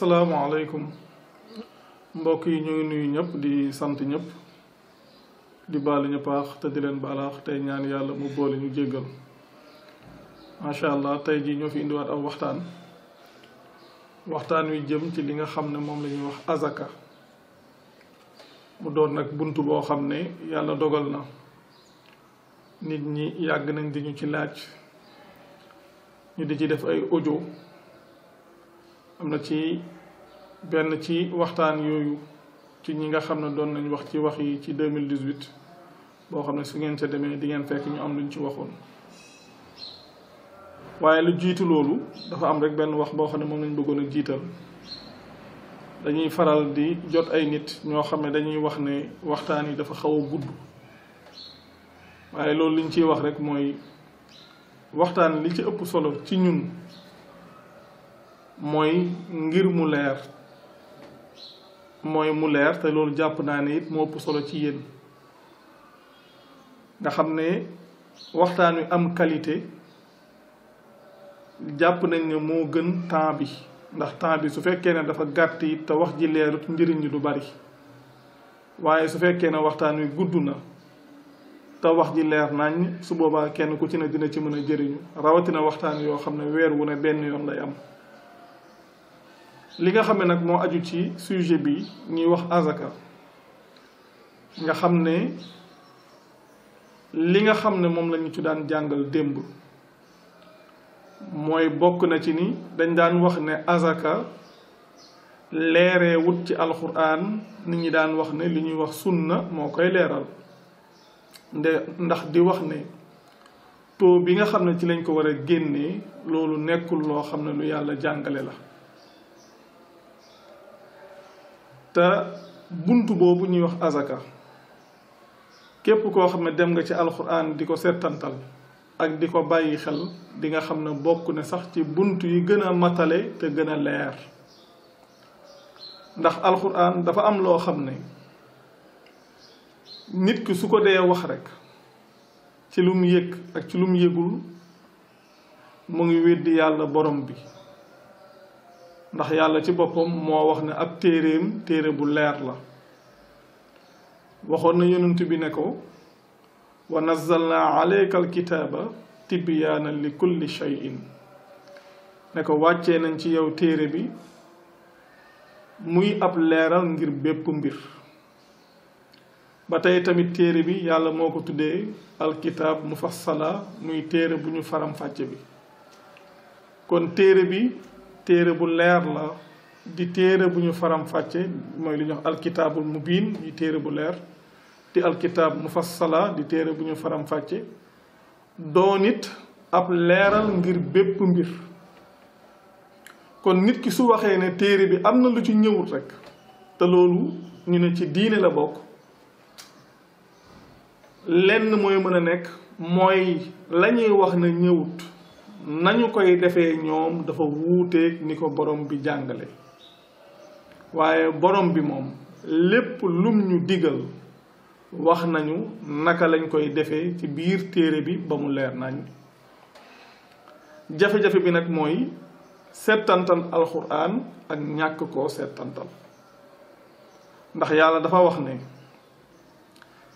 asalaamaaleykum mbokk yi ñu ngi nuyu ñëpp di sant ñëpp di baal ñu paax te di leen baalaax tey ñaan yàlla mu boole ñu jéggal macha allah tey jii ñoo fi indiwaat aw waxtaan waxtaan wi jëm ci li nga xam ne moom la ñuy wax azaka mu doon nag bunt boo xam ne yàlla dogal na nit ñi yàgg nañ di ñu ci laaj ñu di ci def ay ojo am na ci benn ci waxtaan yooyu ci ñi nga xam ne doon nañ wax ci wax yi ci 2018 boo xam ne su ngeen ca demee di fekk ñu am lu ñu ci waxoon waaye lu jiitu loolu dafa am rek benn wax boo xam ne moom lañ bëggoon a jiital dañuy faral di jot ay nit ñoo xam ne dañuy wax ne waxtaan yi dafa xaw a gudd waaye loolu liñ ciy wax rek mooy waxtaan li ci ëpp solo ci ñun mooy ngir mu leer mooy mu leer te loolu jàpp naa ne it moo ëpp solo ci yéen nga xam ne waxtaan wi am qualité jàpp nañ ne moo gën temps bi ndax temps bi su fekkee ne dafa gàtt it te wax ji leerut njëriñ li du bari waaye su fekkee ne waxtaan wi gudd na te wax ji leer nañ su boobaa kenn ku ci ne dina ci mën a jëriñu rawatina waxtaan yoo xam ne weer wu ne benn yoon lay am li nga xam ne nag moo aju ci sujet bi ñuy wax azaka nga xam ne li nga xam ne moom lañu ci daan jàngal démb mooy bokk na ci ni dañ daan wax ne azaka leeree wut ci alxuraan nit ñi daan wax ne li ñuy wax sunna moo koy leeral nde ndax di wax ne taux bi nga xam ne ci lañ ko war a génnee loolu nekkul loo xam ne lu yàlla jàngale la te bunt boobu ñuy wax azaka képp koo xam ne dem nga ci alxuraan di ko settantal ak di ko bàyyi xel dinga xam ne bokk ne sax ci bunt yi gën a matale te gën a leer ndax alxuraan dafa am loo xam ne nit ki su ko dee wax rekk ci lu mu yëg ak ci lum mu yëgul mu ngi weddi yàlla borom bi ndax yàlla ci boppam moo wax ne ab téeréem téere bu leer la waxoon na yonent bi ne ko wa nazalna aleyka alkitaaba tibiyaanan li kulli cheyin ne ko wàccee nañ ci yow téere bi muy ab leeral ngir bépp mbir ba tey tamit téere bi yàlla moo ko tuddee alkitaab mufassala muy téere bu ñu faram fàcce bi kon téere bi téere bu leer la di téere bu ñu faram fàcce mooy li ñuy wax alkitaabul biin di téere bu leer di alkitaab mufassala di téere bu ñu faram fàcce doon it ab leeral ngir bépp mbir kon nit ki su waxee ne téere bi am na lu ci ñëwut rek te loolu ñu ne ci diine la bokk lenn mooy mën a nekk mooy lañuy wax ne ñëwut nañu koy defee ñoom dafa wuuteeg ni ko borom bi jàngale waaye borom bi moom lépp lum ñu diggal wax nañu naka lañ koy defee ci biir téere bi ba mu leer nañ jafe-jafe bi nag mooy settantal alxuraan ak ñàkk ko settantal ndax yàlla dafa wax ne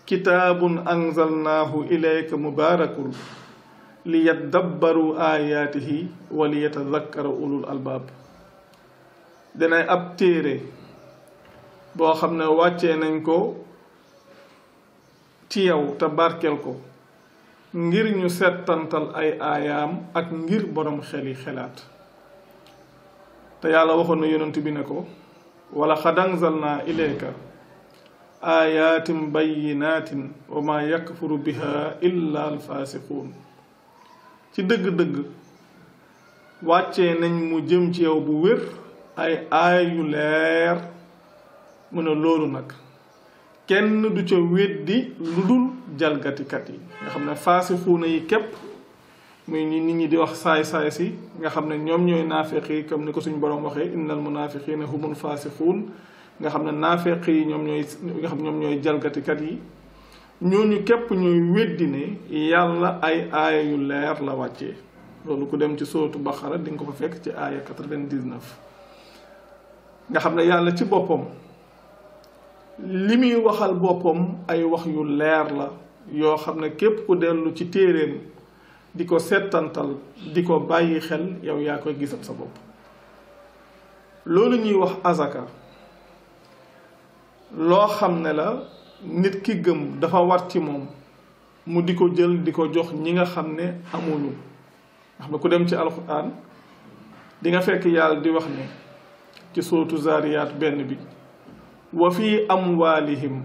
kitaabun anzalnaahu ilayka mubaarakun liyadabbaru ayatihi wa liyatadhakkara ulul albaab danay ab téere boo xam ne wàccee nañ ko ci yow te barkel ko ngir ñu settantal ay aayaam ak ngir borom xel yi xelaat te yàlla waxoon na yonent bi ne ko wala xad anzalnaa ilayka ayatin bayinatin wa ma yakfuru biha illa alfaasiquun ci dëgg-dëgg wàcce nañ mu jëm ci yow bu wér ay aay yu leer mu ne loolu nag kenn du ca weddi lu dul jalgatikat yi nga xam ne faasixuuna yi képp muy ni nit ñi di wax saay-saay si nga xam ne ñoom ñooy naafeq yi comme ni ko suñu borom waxee innal munafiqina humul faasixuun nga xam ne naafeq yi ñoom ñooy nga xam ñoom ñooy jalgatikat yi ñooñu képp ñuy weddi ne yàlla ay aaya yu leer la wàccee loolu ku dem ci sootu Baqara di nga ko fekk ci aaya 99 nga xam ne yàlla ci boppam li muy waxal boppam ay wax yu leer la yoo xam ne képp ku dellu ci téeréem di ko settantal di ko bàyyi xel yow yaa koy gisal sa bopp loolu ñuy wax azaka loo xam ne la nit ki gëm dafa war ci moom mu di ko jël di ko jox ñi nga xam ne amuñu ndax ba ku dem ci alxuraan di nga fekk yàlla di wax ne ci sootu zaariyaat benn bi wa fi amwaalihim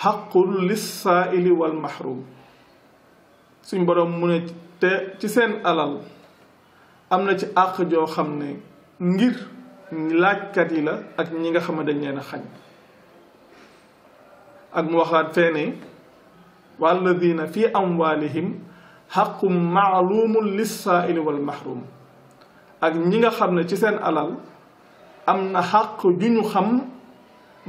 xaqul lissaaili wal mahrum suñ boroom mu ne te ci seen alal am na ci àq joo xam ne ngir laajkat yi la ak ñi nga xam dañ leen xaj ak mu waxaat feene walladina fi amwalihim xaqum maalumun lissaaili wal mahrum ak ñi nga xam ne ci seen alal am na xàq ju ñu xam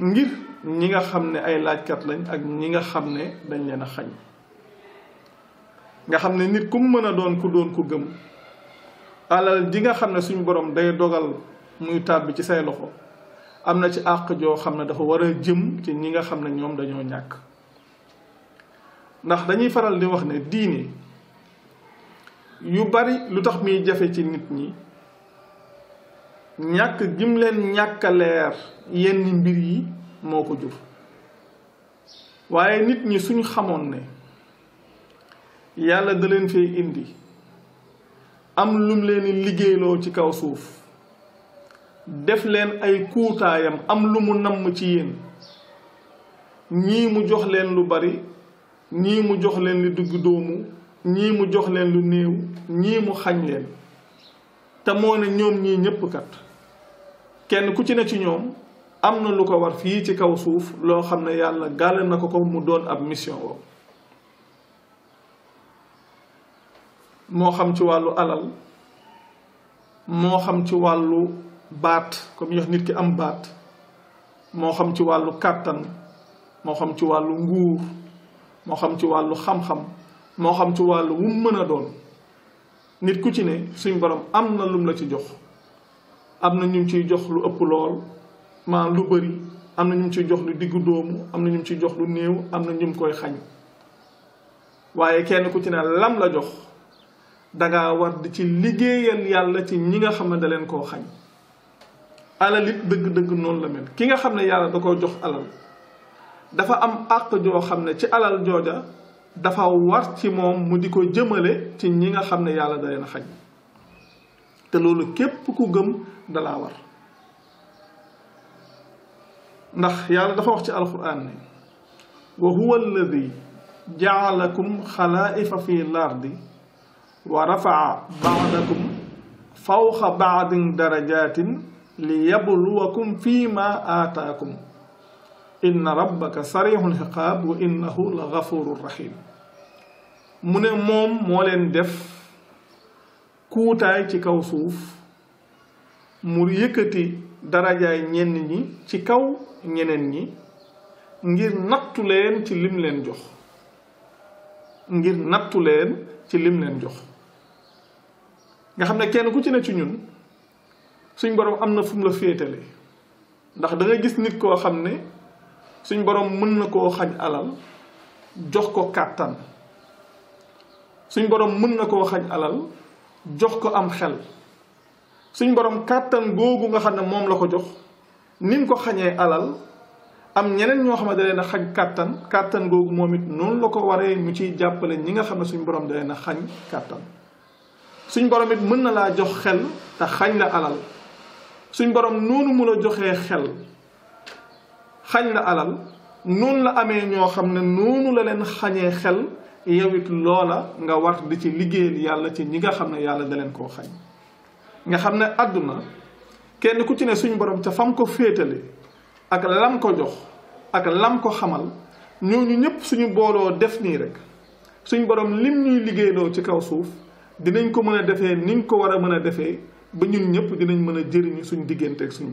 ngir ñi nga xam ne ay laajkat lañ ak ñi nga xam ne dañ leen a xañ nga xam ne nit ku mën a doon ku doon ku gëm alal ji nga xam ne suñu boroom day dogal muy tàbbi ci say loxo am na ci àq joo xam ne dafa war a jëm ci ñi nga xam ne ñoom dañoo ñàkk ndax dañuy faral di wax ne diine yu bari lu tax muy jafe ci nit ñi ñàkk gim leen ñàkk yenn mbir yi moo ko jur waaye nit ñi suñu xamoon ne yàlla daleen leen fee indi am lum leen liggéeyloo ci kaw suuf def leen ay kuutaayam am lu mu namm ci yéen ñii mu jox leen lu bari ñii mu jox leen lu dugg doomu ñii mu jox leen lu néew ñii mu xañ leen te moo ne ñoom ñii ñépp kat kenn ku ci ne ci ñoom am na lu ko war fii ci kaw suuf loo xam ne yàlla gàll na ko ko mu doon ab mission moo xam ci wàllu alal moo xam ci wàllu baat comme yox nit ki am baat moo xam ci wàllu kàttan moo xam ci wàllu nguur moo xam ci wàllu xam-xam moo xam ci wàllu wu mën a doon nit ku ci ne suñ borom am na lum la ci jox am na ñu ciy jox lu ëpp lool maanaam lu bëri am na ñu ciy jox lu diggu doomu am na ñu ciy jox lu néew am na ñum koy xañ waaye kenn ku ci ne lam la jox danga war di ci liggéeyal yàlla ci ñi nga xam ne da leen koo xañ alal it dëgg-dëgg noonu la mel ki nga xam ne yàlla da ko jox alal dafa am àq joo xam ne ci alal jooja dafa war ci moom mu di ko jëmale ci ñi nga xam ne yàlla da leen xañ te loolu képp ku gëm dalaa war ndax yàlla dafa wax ci alquran ne wa huwa alladi jaalakum xalaa'ifa fi lardi wa rafaa baadakum fawqa baadin darajatin liyabluwakum fima atakum inna rabbaka sarihu lhiqab wa innahu la gafuru rahim mu ne moom moo leen def kuutaay ci kaw suuf mu yëkkati darajaay ñenn ñi ci kaw ñeneen ñi ngir nattu leen ci lim leen jox ngir nattu leen ci lim leen jox nga xam ne kenn ku ci ne ci ñun suñ borom am na fu mu la féetale ndax da gis nit koo xam ne suñ borom mën na koo xañ alal jox ko kàttan suñ borom mën na koo xañ alal jox ko am xel suñ borom kàttan googu nga xam ne moom la ko jox ni ko xañee alal am ñeneen ñoo xam ne da leen kàttan kàttan googu moom it noonu la ko waree ñu ciy jàppale ñi nga xam ne suñ borom da a xañ kàttan suñ borom it mën na laa jox xel te xañ la alal suñ borom nonu mu la joxee xel xagn la alal non la amé ño xamné nonu la len xagné xel yewit it loola nga war di ci liggéeyal yàlla ci ñi nga xamné yàlla da len ko xagn nga xamné aduna kenn ku ci ne suñ borom ta fam ko fétalé ak lam ko jox ak lam ko xamal ñooñu ñëpp suñu boolo def ni rek suñ borom lim ñuy liggéeyloo ci kaw suuf dinañ ko mëna défé niñ ko wara mëna défé ba ñun ñëpp dinañ mën a jëriñ suñu digganteek ak suñ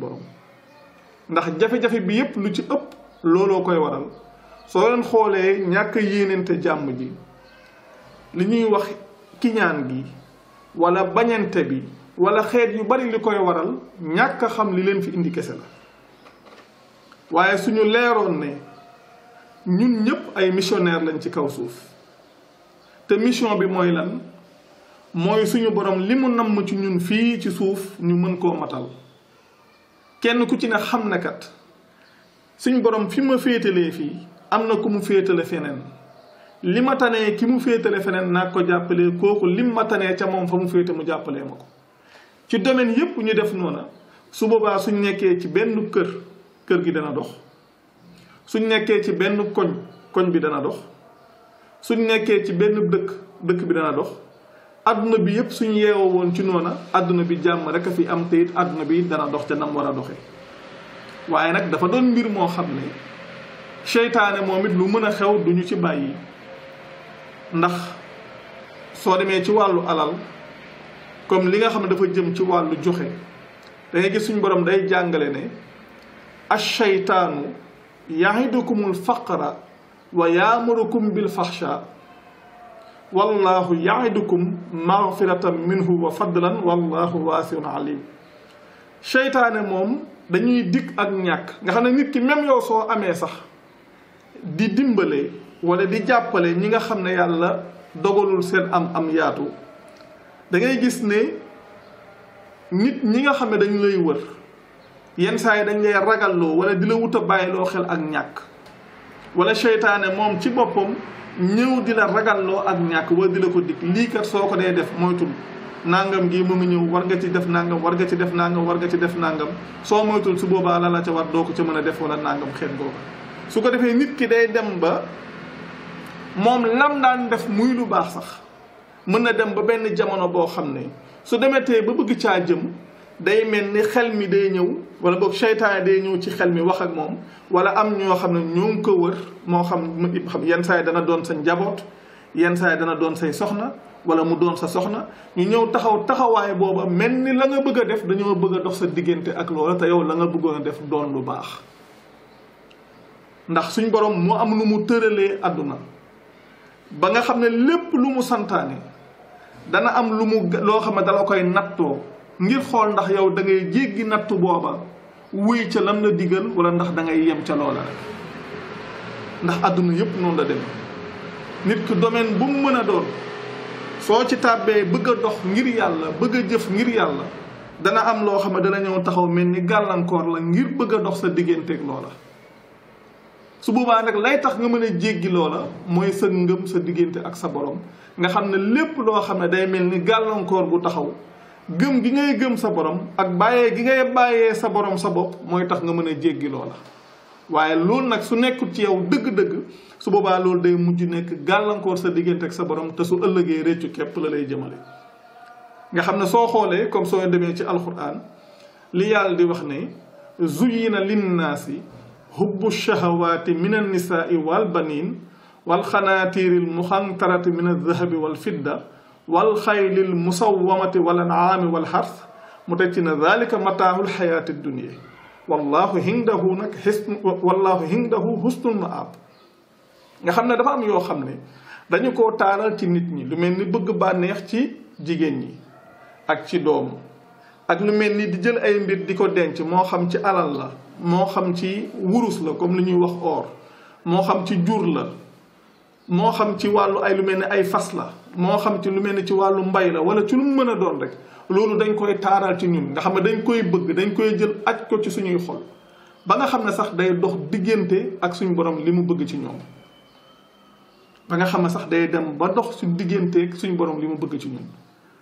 ndax jafe-jafe bi yëpp lu ci ëpp looloo koy waral soo leen xoolee ñàkk yéenante jàmm ji li ñuy wax kiñaan gi wala bañante bi wala xeet yu bari li koy waral ñàkk xam li leen fi indi kese la waaye suñu leeroon ne ñun ñëpp ay missionnaire lañ ci kaw suuf te mission bi mooy lan mooy suñu borom li mu namm ci ñun fii ci suuf ñu mën koo matal kenn ku ci ne xam na kat suñu borom fi ma féetalee fii am na ku mu féetale feneen li ma tanee ki mu féetale feneen naa ko jàppalee kooku li ma tanee ca moom fa mu féete mu jàppalee ma ko ci domaine yépp ñu def noona su boobaa suñ nekkee ci benn kër kër gi dana dox suñ nekkee ci benn koñ koñ bi dana dox suñ nekkee ci benn dëkk dëkk bi dana dox àdduna bi yëpp suñ yeewoo woon ci noona àdduna bi jàmm rek a fi am te it adduna bi dana dox ca nam war a doxe waaye nag dafa doon mbir moo xam ne seytaane moom it lu mën a xew duñu ci bàyyi ndax soo demee ci wàllu alal comme li nga xam ne dafa jëm ci wàllu joxe da gis suñu boroom day jàngale ne ash-shaytaanu ya'idukumul faqra wa ya'murukum bil fahsha wallahu yaidukum magfiratan minhu wa fadlan wallahu waasiun alim seytaane moom dañuy dikk ak ñàkk nga xam ne nit ki même yow so amee sax di dimbale wala di jàppale ñi nga xam yàlla dogalul seen am am yaatu da ngay gis ne nit ñi nga xam ne dañ lay wër yenn saa dañ lay ragalloo wala di la wut a xel ak ñàkk wala seytaane moom ci boppam ñëw di la ragalloo ak ñàkk wala di la ko dikk lii kat soo ko dee def moytul nangam gii mu ngi ñëw war nga ci def nangam war nga ci def nangam war nga ci def nangam soo moytul su boobaa la la ca war doo ko ca mën a def wala nangam xeet googu su ko defee nit ki day dem ba moom lam daan def muy lu baax sax mën na dem ba benn jamono boo xam ne su demetee ba bëgg caa jëm day melni ni xel mi day ñëw wala bok shaytan day ñëw ci xel mi wax ak mom wala am ño xamne ñu ngi ko wër mo xam xam yeen say dana doon sa njabot yeen say dana doon say soxna wala mu doon sa soxna ñu ñëw taxaw taxaway booba melni la nga bëgg def dañu bëgg dox sa digënté ak loolu ta yow la nga bëggoon def doon lu baax ndax suñ borom mo am lu mu teurele aduna ba nga xamne lépp lu mu santane dana am lu mu lo xamne ne dala koy natto ngir xool ndax yow dangay jéggi nattu booba wuy ca lam la digal wala ndax dangay yem ca loola ndax àdduna yëpp noonu la dem nit ki domaine bu mu mën a doon soo ci tàbbee bëgg a dox ngir yàlla bëgg a jëf ngir yàlla dana am loo xam ne dana ñëw taxaw mel ni gàllankoor la ngir bëgg a dox sa digganteeg loola. su boobaa nag lay tax nga mën a jéggi loola mooy sa ngëm sa diggante ak sa borom nga xam ne lépp loo xam ne day mel ni gàllankoor bu taxaw. gëm gi ngay gëm sa borom ak bàyyee gi ngay bàyyee sa borom sa bopp mooy tax nga mën a jéggi loola waaye loolu nag su nekkul ci yow dëgg-dëgg su boobaa loolu day mujj nekk gàllankoor sa diggante ak sa borom te su ëllëgee réccu képp la lay jëmale nga xam ne soo xoolee comme soo demee ci alquran li yàlla di wax ne zuyina linnaasi hubbu shahawaati min annisaai wal banin wal xanaatiiri almuxantarati min aldahabi wal fidda wal xaylil musawwamati wal an'aami wal xars mu teg ci ne zalika mataaxul xayaati dunya wallahu hindahu nag xis wallahu hindahu husnul maab nga xam ne dafa am yoo xam ne dañu ko taaral ci nit ñi lu mel ni bëgg bànneex ci jigéen ñi ak ci doom ak lu mel ni di jël ay mbir di ko denc moo xam ci alal la moo xam ci wurus la comme li ñuy wax or moo xam ci jur la moo xam ci wàllu ay lu mel ni ay fas la moo xam ci lu mel ni ci wàllu mbay la wala ci lu mu mën a doon rek loolu dañ koy taaral ci ñun nga xam ne dañ koy bëgg dañ koy jël aj ko ci suñuy xol ba nga xam ne sax day dox diggante ak suñu borom li mu bëgg ci ñoom ba nga xam ne sax day dem ba dox su diggante suñu borom li mu bëgg ci ñun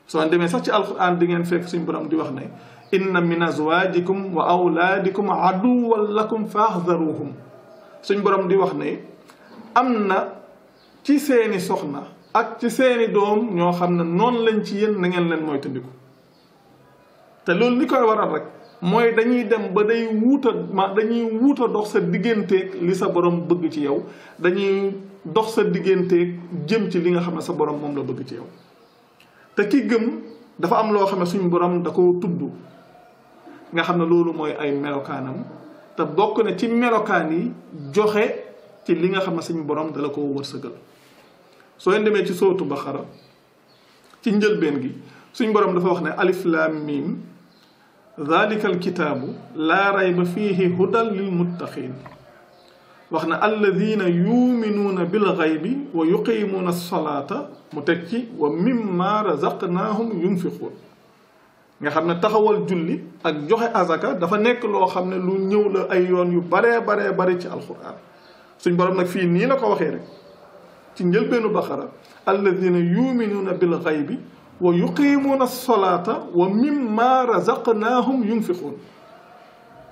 soo demee sax ci alquran di ngeen fekk suñ boroom di wax ne inna min azwajikum wa awlaadikum aduwwan lakum faahdaruhum suñ boroom di wax ne am na ci seeni soxna ak ci seeni doom ñoo xam ne noonu lañ ci yéen na ngeen leen mooy tëndiku te loolu li koy waral rek mooy dañuy dem ba day wuut a ma dañuy wuut dox sa digganteeg li sa borom bëgg ci yow dañuy dox sa digganteeg jëm ci li nga xam ne sa borom la bëgg ci te ki gëm dafa am loo xam ne suñu borom da ko tudd nga xam ne loolu mooy ay melokaanam te bokk ne ci melokaan yi joxe ci li nga xam ne suñu borom dala ko koo wërsëgal soo leen demee ci sootu Baqara ci njëlbeen gi suñ borom dafa wax ne alif laam miim dalika alkitaabu laa rayba fiihi hudan lil muttaqiin wax na alladina yuminuuna bilxaybi wa yuqimuuna salaata mu teg ci wa mimma razaqnaahum yunfiquun nga xam ne taxawal julli ak joxe azaka dafa nekk loo xam ne lu ñëw la ay yoon yu baree baree bari ci alxuraan suñ borom nag fii nii la ko waxee rek تنجل بين بخرة الذين يؤمنون بالغيب ويقيمون الصلاة ومما رزقناهم ينفقون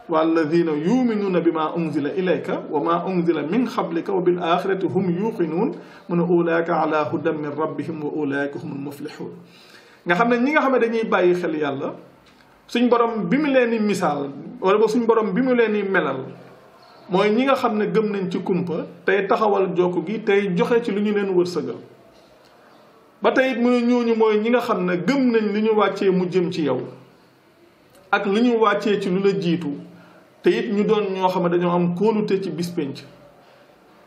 والذين يؤمنون بما أنزل إليك وما أنزل من قبلك وبالآخرة هم يوقنون من أولاك على هدى من ربهم وأولاك هم المفلحون nga xamne ñi nga xamne dañuy bayyi xel yalla suñ borom bimu leen ni mooy ñi nga xam ne gëm nañ ci kumpa tey taxawal jokk gi tey joxe ci lu ñu leen wërsëgal ba tey it mu ne ñooñu mooy ñi nga xam ne gëm nañ li ñu wàccee mu jëm ci yow ak li ñu wàccee ci lu la jiitu te it ñu doon ñoo xam ne dañoo am kóolute ci bis pénc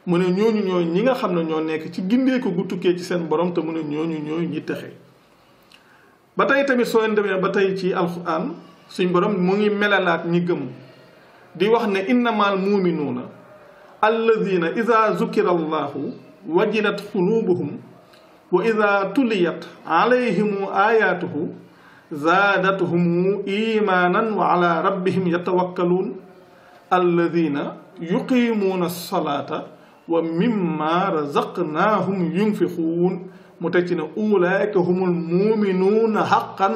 mu ne ñooñu ñooy ñi nga xam ne ñoo nekk ci ko gu tukkee ci seen borom te mu ne ñooñu ñooy ñi texe ba tey tamit soo leen ba tey ci alxuraan suñ borom mu ngi melalaat ñi gëm دي واخني انما المؤمنون الذين اذا ذكر الله وجلت قلوبهم واذا تليت عليهم اياته زادتهم ايمانا وعلى ربهم يتوكلون الذين يقيمون الصلاه ومما رزقناهم ينفقون متجن اولئك هم المؤمنون حقا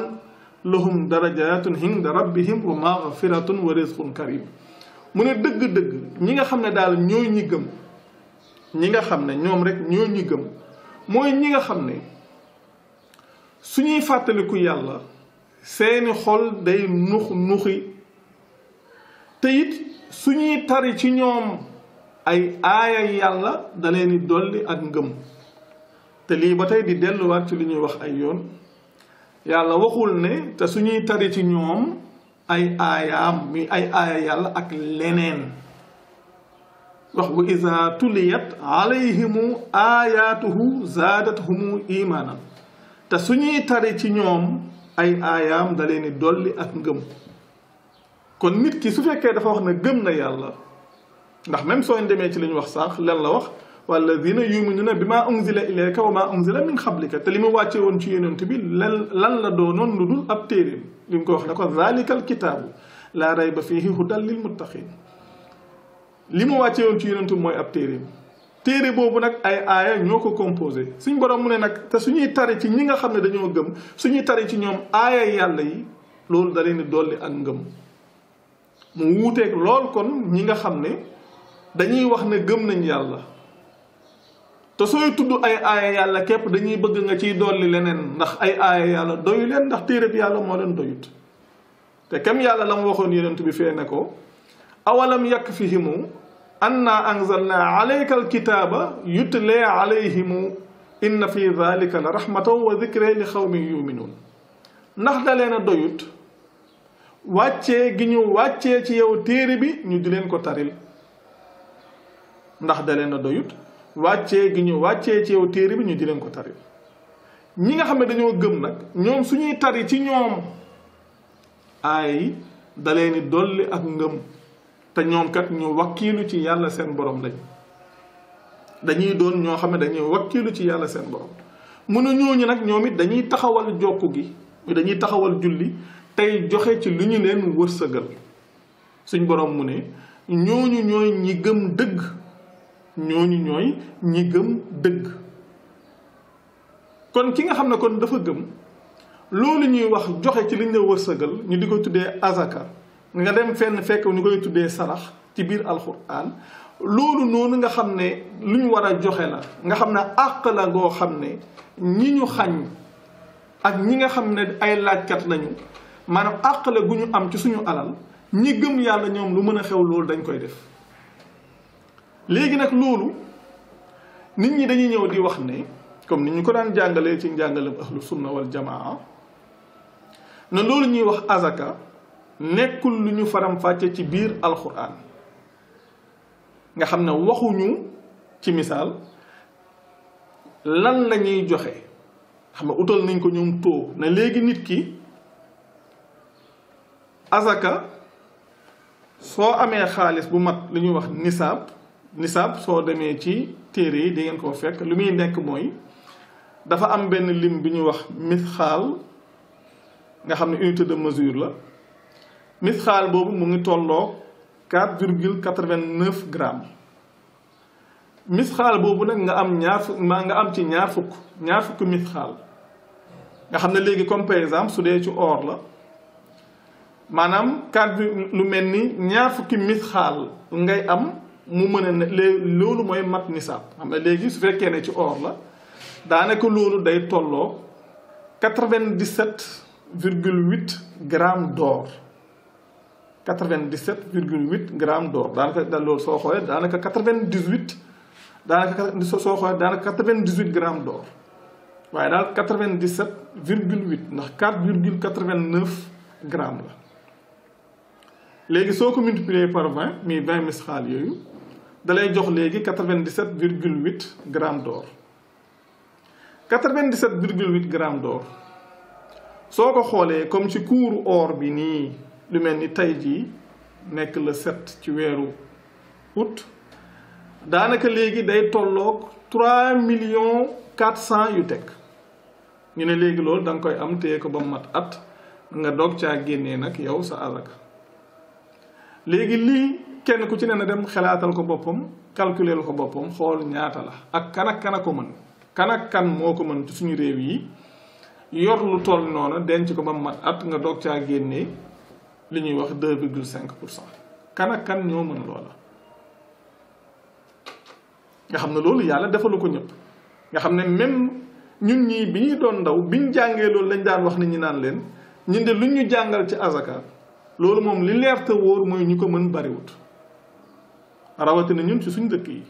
لهم درجات عند ربهم ومغفره ورزق كريم mu ne dëgg-dëgg ñi nga xam ne daal ñooy ñi gëm ñi nga xam ne ñoom rekk ñooy ñi gëm mooy ñi nga xam ne suñuy fàttaliku yàlla seeni xol day nux nuxi te it suñuy tari ci ñoom ay aaya yàlla da leen di dolli ak ngëm te lii ba tey di delluwaat ci li ñuy wax ay yoon yàlla waxul ne te suñuy tari ci ñoom ay aayaam mi ay aaya yàlla ak leneen wax wa iza tuliyat alayhimu ayatuhu zaadatuhumu imaanan te suñuy tari ci ñoom ay ayam da dolli ak ngëm kon nit ki su fekkee dafa wax ne gëm na yàlla ndax même soo demee ci li ñu wax sànq lan la wax walladina yuminuna bi ma unzila ilayka wa ma unzila min xablika te li mu wàcce woon ci yonent bi lan la doonoon lu ab téeréem li mu ko wax ne ko zalikal kitaabu laa rayba fiihi hudan lil muttaqin li mu wàcce woon ci yonentu mooy ab téeréem téere boobu nag ay aaya ñoo ko composé suñ borom mu ne nag te suñuy tari ci ñi nga xam ne dañoo gëm suñuy tari ci ñoom aaya yàlla yi loolu da leen di dolli ak ngëm mu wuuteeg lool kon ñi nga xam ne dañuy wax ne gëm nañ yàlla te sooy tudd ay aaya yàlla képp dañuy bëgg nga ciy dolli leneen ndax ay aaya yàlla doyu leen ndax téere bi yàlla moo leen doyut te kem yàlla la mu waxoon yonent bi fee ne ko awalam yakfihimu anna anzalna alayka alkitaba yutla alayhimu in fi dhalika la rahmatan wa dhikra li xawmin yuminun ndax da leen a doyut wàccee gi ñu wàccee ci yow téere bi ñu di leen ko taril ndax da leen a doyut wàccee gi ñu wàcce ci yow téere bi ñu dinañ ko tari ñi nga xam ne dañoo gëm nag ñoom suñuy tari ci ñoom ay da leen di dolli ak ngëm te ñoom kat ñu wakkiilu ci yàlla seen borom lañ dañuy doon ñoo xam ne dañuy wakkiilu ci yàlla seen borom mu ne ñooñu nag ñoom it dañuy taxawal jokku gi dañuy taxawal julli tey joxe ci li ñu leen wërsëgal suñ borom mu ne ñooñu ñooy ñi gëm dëgg ñooñu ñooy ñi gëm dëgg kon ki nga xam ne kon dafa gëm loolu ñuy wax joxe ci liñ la wërsëgal ñu di ko tuddee azaka nga dem fenn fekk ñu koy tuddee sarax ci biir alxuraan loolu noonu nga xam ne lu ñu war a joxe la nga xam ne àq la goo xam ne ñi ñu xañ ak ñi nga xam ne ay laajkat lañu maanaam àq la gu ñu am ci suñu alal ñi gëm yàlla ñoom lu mën a xew loolu dañ koy def léegi nag loolu nit ñi dañuy ñëw di wax ni comme ni ñu ko daan jàngalee ci njàngalem ahlu sunna wal jamaa na loolu ñuy wax azaka nekkul lu ñu faram-fàcce ci biir alxuraan nga xam ne waxuñu ci misaal lan la ñuy joxe xam ne utal nañ ko ñoom too na léegi nit ki azaka soo amee xaalis bu mat li ñuy wax nisaab nisaab soo demee ci téere yi di ngeen ko fekk lu muy nekk mooy dafa am benn lim bi ñuy wax misxaal nga xam ne unité de mesure la misxaal boobu mu ngi tolloo 4 virgule 89 grammes misxaal boobu nag nga am ñaar fukk maa nga am ci ñaar fukk ñaar fukk misxaal nga xam ne léegi comme par exemple su dee ci or la maanaam 4 lu mel ni ñaar fukki misxaal ngay am mu mën a ne loolu mooy mat nisaab am na léegi su fekkee ne ci or la daanaka loolu day tolloo quatre-vingt-dix-sept virgule huit gramme d'or quatre-vingt-dix-sept virgule huit gramme d'or daanaka da loolu soo xoolee daanaka quatre-vingt-dix-huit daanaka soo xoolee daanaka quatre-vingt-dix-huit gramme d'or waaye daal quatre-vingt-dix-sept virgule huit ndax quatre virgule quatre-vingt-neuf gramme la léegi soo ko multiplier par vingt muy vingt yooyu da lay jox léegi 97 virgule 8 gramme d'or 97 virgule 8 gramme d'or soo ko xoolee comme ci kuuru or bi nii lu mel ni tey jii nekk le 7 ci weeru août daanaka léegi day tolloog 3 millions 400 yu teg ñu ne léegi loolu da nga koy am téye ko ba mu mat at nga doog caa génnee nag yow sa alaka léegi lii kenn ku ci ne na dem xalaatal ko boppam calculer ko boppam xool ñaata la ak kan ak kan ko mën kan kan moo ko mën ci suñu réew yi yor lu toll noonu denc ko ba mu mat at nga doog caa génnee li ñuy wax deux virgule cinq pour cent kan ñoo mën loola. nga xam ne loolu yàlla defalu ko ñëpp nga xam ne même ñun ñii bi ñuy doon ndaw bi ñu jàngee loolu lañ daan wax ne ñu naan leen ñun de lu ñu jàngal ci azaka loolu moom li leer te wóor mooy ñu ko mën bariwut rawatina ñun ci suñ dëkk yi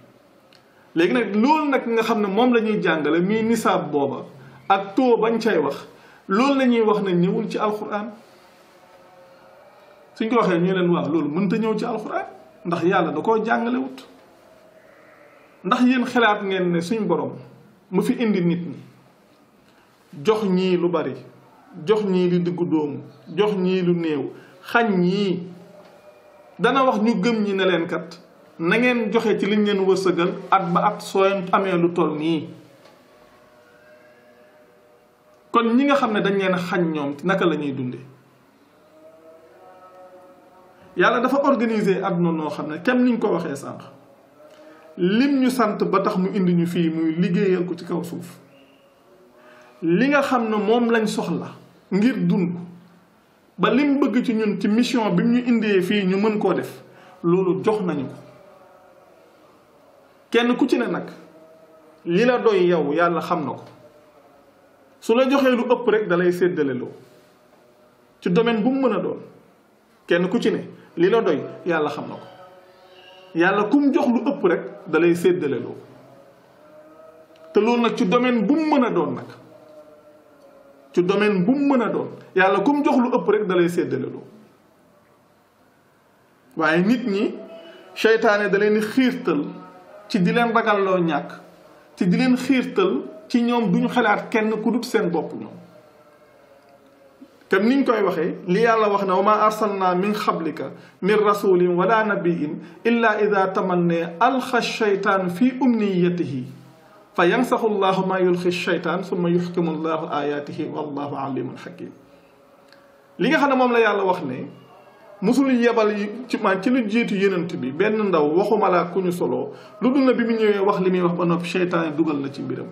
léegi nag loolu nag nga xam ne moom lañuy jàngale mii nisaab booba ak taux bañ cay wax loolu lañuy wax ne ñëwul ci alxuraan suñ ko waxee ñu leen waaw loolu mënta ñëw ci alxuraan ndax yàlla da koo jàngale ndax yéen xalaat ngeen ne suñ borom mu fi indi nit ñi jox ñii lu bari jox ñii lu diggu doomu jox ñii lu néew xañ ñii dana wax ñu gëm ñi ne leen kat nangeen joxe ci liñ leen wërsëgal at ba at sooyeen amee lu toll nii kon ñi nga xam ne dañ leen xañ ñoom naka lañuy ñuy dunde yàlla dafa organiser àdduna noo xam ne kenn niñ ko waxee sànq lim ñu sant ba tax mu indi ñu fii muy liggéeyal ko ci kaw suuf li nga xam ne moom lañ soxla ngir dund ba lim bëgg ci ñun ci mission bi mu ñu indee fii ñu mën koo def loolu jox nañu kenn ku ci ne nag li la doy yow yàlla xam na ko su la joxee lu ëpp rek dalay séddale ci domaine bu mu mën a doon kenn ku ci ne li la doy yàlla xam na ko yàlla ku mu jox lu ëpp rek dalay séddale te loolu nag ci domaine bu mu mën a doon nag ci mën doon yàlla ku mu jox lu ëpp rek dalay séddale loo waaye nit ñi seytaane da leen di xiirtal ci di leen ragal loo ñàkk ci di leen xiirtal ci ñoom duñu xalaat kenn ku dut seen bopp ñoom te niñ koy waxee li yàlla wax na wa ma arsalna min xablika min rasulin wala nabiyin illa ida tamanne alxa shaytaan fi umniyatihi fa yansaxu llahu maa yulxi shaytaan summa yuxkimu llahu ayatihi wallahu alimun xakim li nga xam ne moom la yàlla wax ne musul yebal ci man ci lu jiitu yonent bi benn ndaw waxuma la ku ñu solo lu dul na bi mu ñëwee wax li muy wax ba noppi seytaane dugal na ci mbiram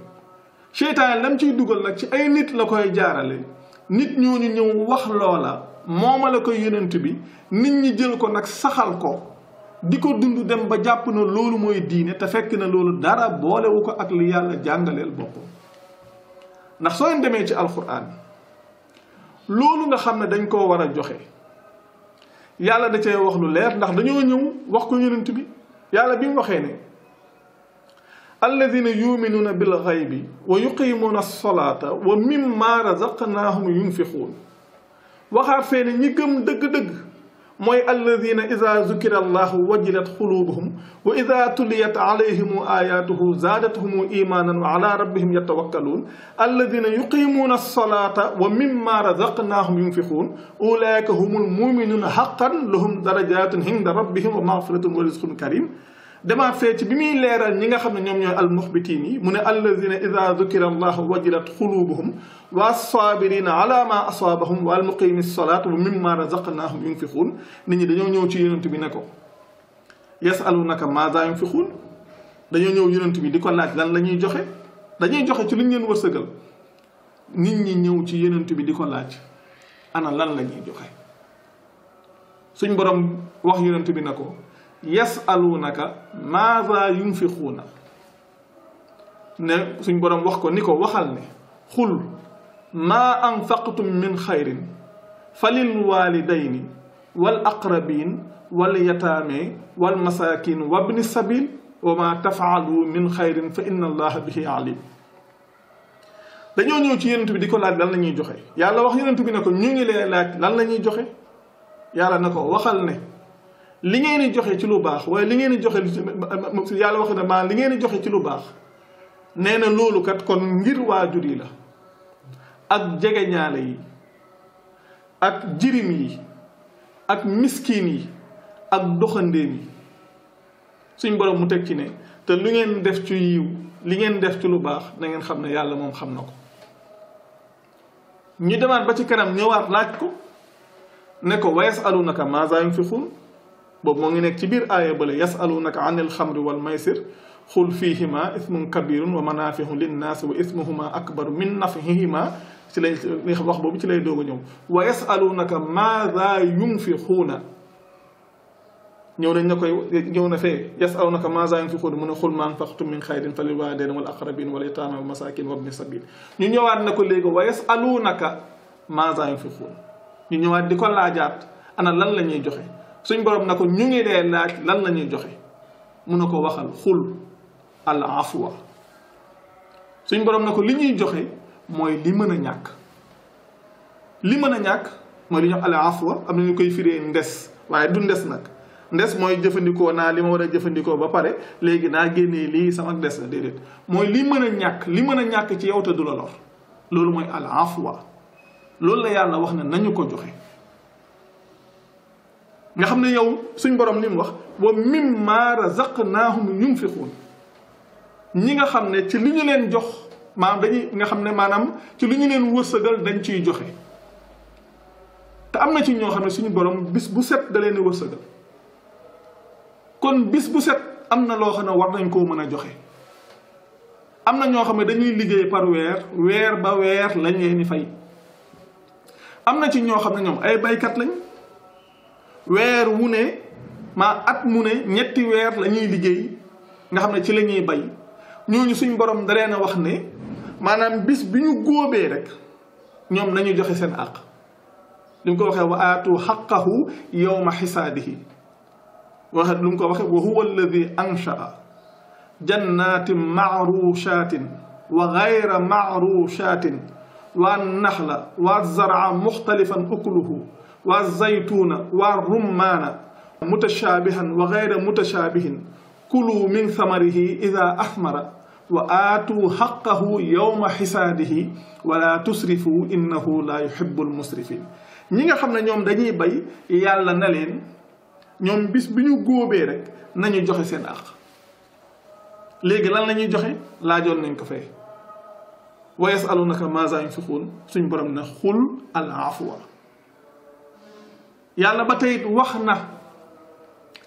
seytaane lam ciy dugal nag ci ay nit la koy jaarale nit ñooñu ñëw wax loola mooma la koy yonent bi nit ñi jël ko nag saxal ko di ko dund dem ba jàpp na loolu mooy diine te fekk na loolu dara boolewu ko ak li yàlla jàngaleel bopp ndax soo demee ci alxuraan loolu nga xam ne dañ koo war a joxe yàlla da cey wax lu leer ndax dañu ñëw wax ko yoonent bi yàlla bi mu waxee ne alladhina yu'minuna bil ghaibi wa yuqimuna as-salata wa mimma razaqnahum yunfiqun waxa fee ne ñi deug deug mooy alladina ida zukira allahu wajilat xuluubuhum wa ida tuliyat alayhimu ayatuhu zaadathum imanan wa ala rabbihim yatawakkaluun alladina yuqimuuna alsalata wa mimma razaqnahum yunfiquun ulaika humul muminuuna haqqan lahum darajatun inda rabbihim wa magfiratun wa rizqun karim dama fee ci bi muy leeral ñi nga xam ne ñoom ñooy almuxbitiin yi mu ne alladina ida zukira allahu wajilat xuluubuhum waa wassaabirina ala ma asaabahum wal muqimi salaat wa mimma razaqnahum yunfiquun nit ñi dañoo ñëw ci yonent bi ne ko yasalunaka maza yunfiquun dañoo ñëw yonent bi di ko laaj lan la ñuy joxe dañuy joxe ci lu ñu leen wërsëgal nit ñi ñëw ci yonent bi di ko laaj ana lan la suñ borom wax yonent bi ne ko yasalunaka maza yunfiquuna ne suñ borom wax ko ni ko waxal ne xul ما أنفقتم من خير فللوالدين والأقربين واليتامى والمساكين وابن السبيل وما تفعلوا من خير فإن الله به عليم dañoo ñëw ci yonent bi di ko laaj lan la ñuy joxe yàlla wax yonent bi ne ko ñu ngi lay laaj lan la ñuy joxe yàlla na ko waxal ne li ngeen di joxe ci lu baax waaye li ngeen di joxe yàlla wax ne maa li ngeen di joxe ci lu baax nee na loolu kat kon ngir waajur yi la ak jegeñaale yi ak jirim yi ak miskin yi ak doxandéem yi suñ borom mu teg ci ne te lu ngeen def ci yiw li ngeen def ci lu baax na ngeen xam ne yàlla moom xam na ko ñu demaat ba ci kanam ñëwaat laaj ko ne ko wa yasalunaka maza yunfiqun boobu moo ngi nekk ci biir aaya bale yasalunaka an alxamri wal maysir xul fihima ismun kabirun wa manafihu linnaasi wa ismuhuma akbaru min nafihima ci lay wax boobu ci lay doog a ñëw wa yasalunaka maada yunfixuuna ñëw nañ na koy ñëw na fee yasalunaka maada yunfixuuna mu ne xul ma anfaqtum min xayrin fa lil waalidayni wal aqrabin wal yataama wal masaakin wabni sabil ñu ñëwaat na ko léegi wa yasalunaka maada yunfixuuna ñu ñëwaat di ko laajaat ana lan la ñuy joxe suñ borom na ko ñu ngi dee laaj lan la ñuy joxe mu ne ko waxal xul al afwa suñ borom na ko li ñuy joxe mooy li mën a ñàkk li mën a ñàkk mooy li ñu wax al am na ñu koy firee ndes waaye du ndes nag ndes mooy jëfandikoo naa li ma war a jëfandikoo ba pare léegi naa génnee lii sama ndes la déedéet mooy li mën a ñàkk li mën a ñàkk ci yow te du la lor loolu mooy al afwa loolu la yàlla wax ne nañu ko joxe nga xam ne yow suñ borom li mu wax wa mimma razaqnaahum yunfiquun ñi nga xam ne ci li ñu leen jox maanaam dañuy nga xam ne maanaam ci lu ñu leen wërsëgal dañ ciy joxe te am na ci ñoo xam ne suñu borom bis bu set dalee ne wërsëgal kon bis bu set am na loo xam ne war nañ koo mën a joxe am na ñoo xam ne dañuy liggéey par weer weer ba weer lañ leen di fay am na ci ñoo xam ne ñoom ay baykat lañ weer wu ne maa at mu ne ñetti weer la ñuy liggéey nga xam ne ci lañuy ñuy bay ñooñu suñ borom dalee leen wax ne maanaam bis bi ñu góobee rek ñoom nañu joxe seen àq li ko waxee wa aatu xaqahu yowma xisaadihi wax lu mu ko waxee wa huwa alladi anshaa jannatin maarushatin wa gayra maarushatin wa naxla wa zarca muxtalifan ukluhu wa zaytuuna wa rummaana mutashaabihan wa gayra mutashabihin kulu min samarihi ida ahmara وآتوا حقه يوم حسابه ولا تسرفوا إنه لا يحب المسرفين نيغا خامنا نيوم داني باي يالا نالين نيوم بيس بنيو غوبي رك ناني جوخي سين اخ ليغي لان لاني جوخي لا جون نين كفاي ويسالونك ماذا ينفقون سن بروم نا خول العفو يالا باتاي واخنا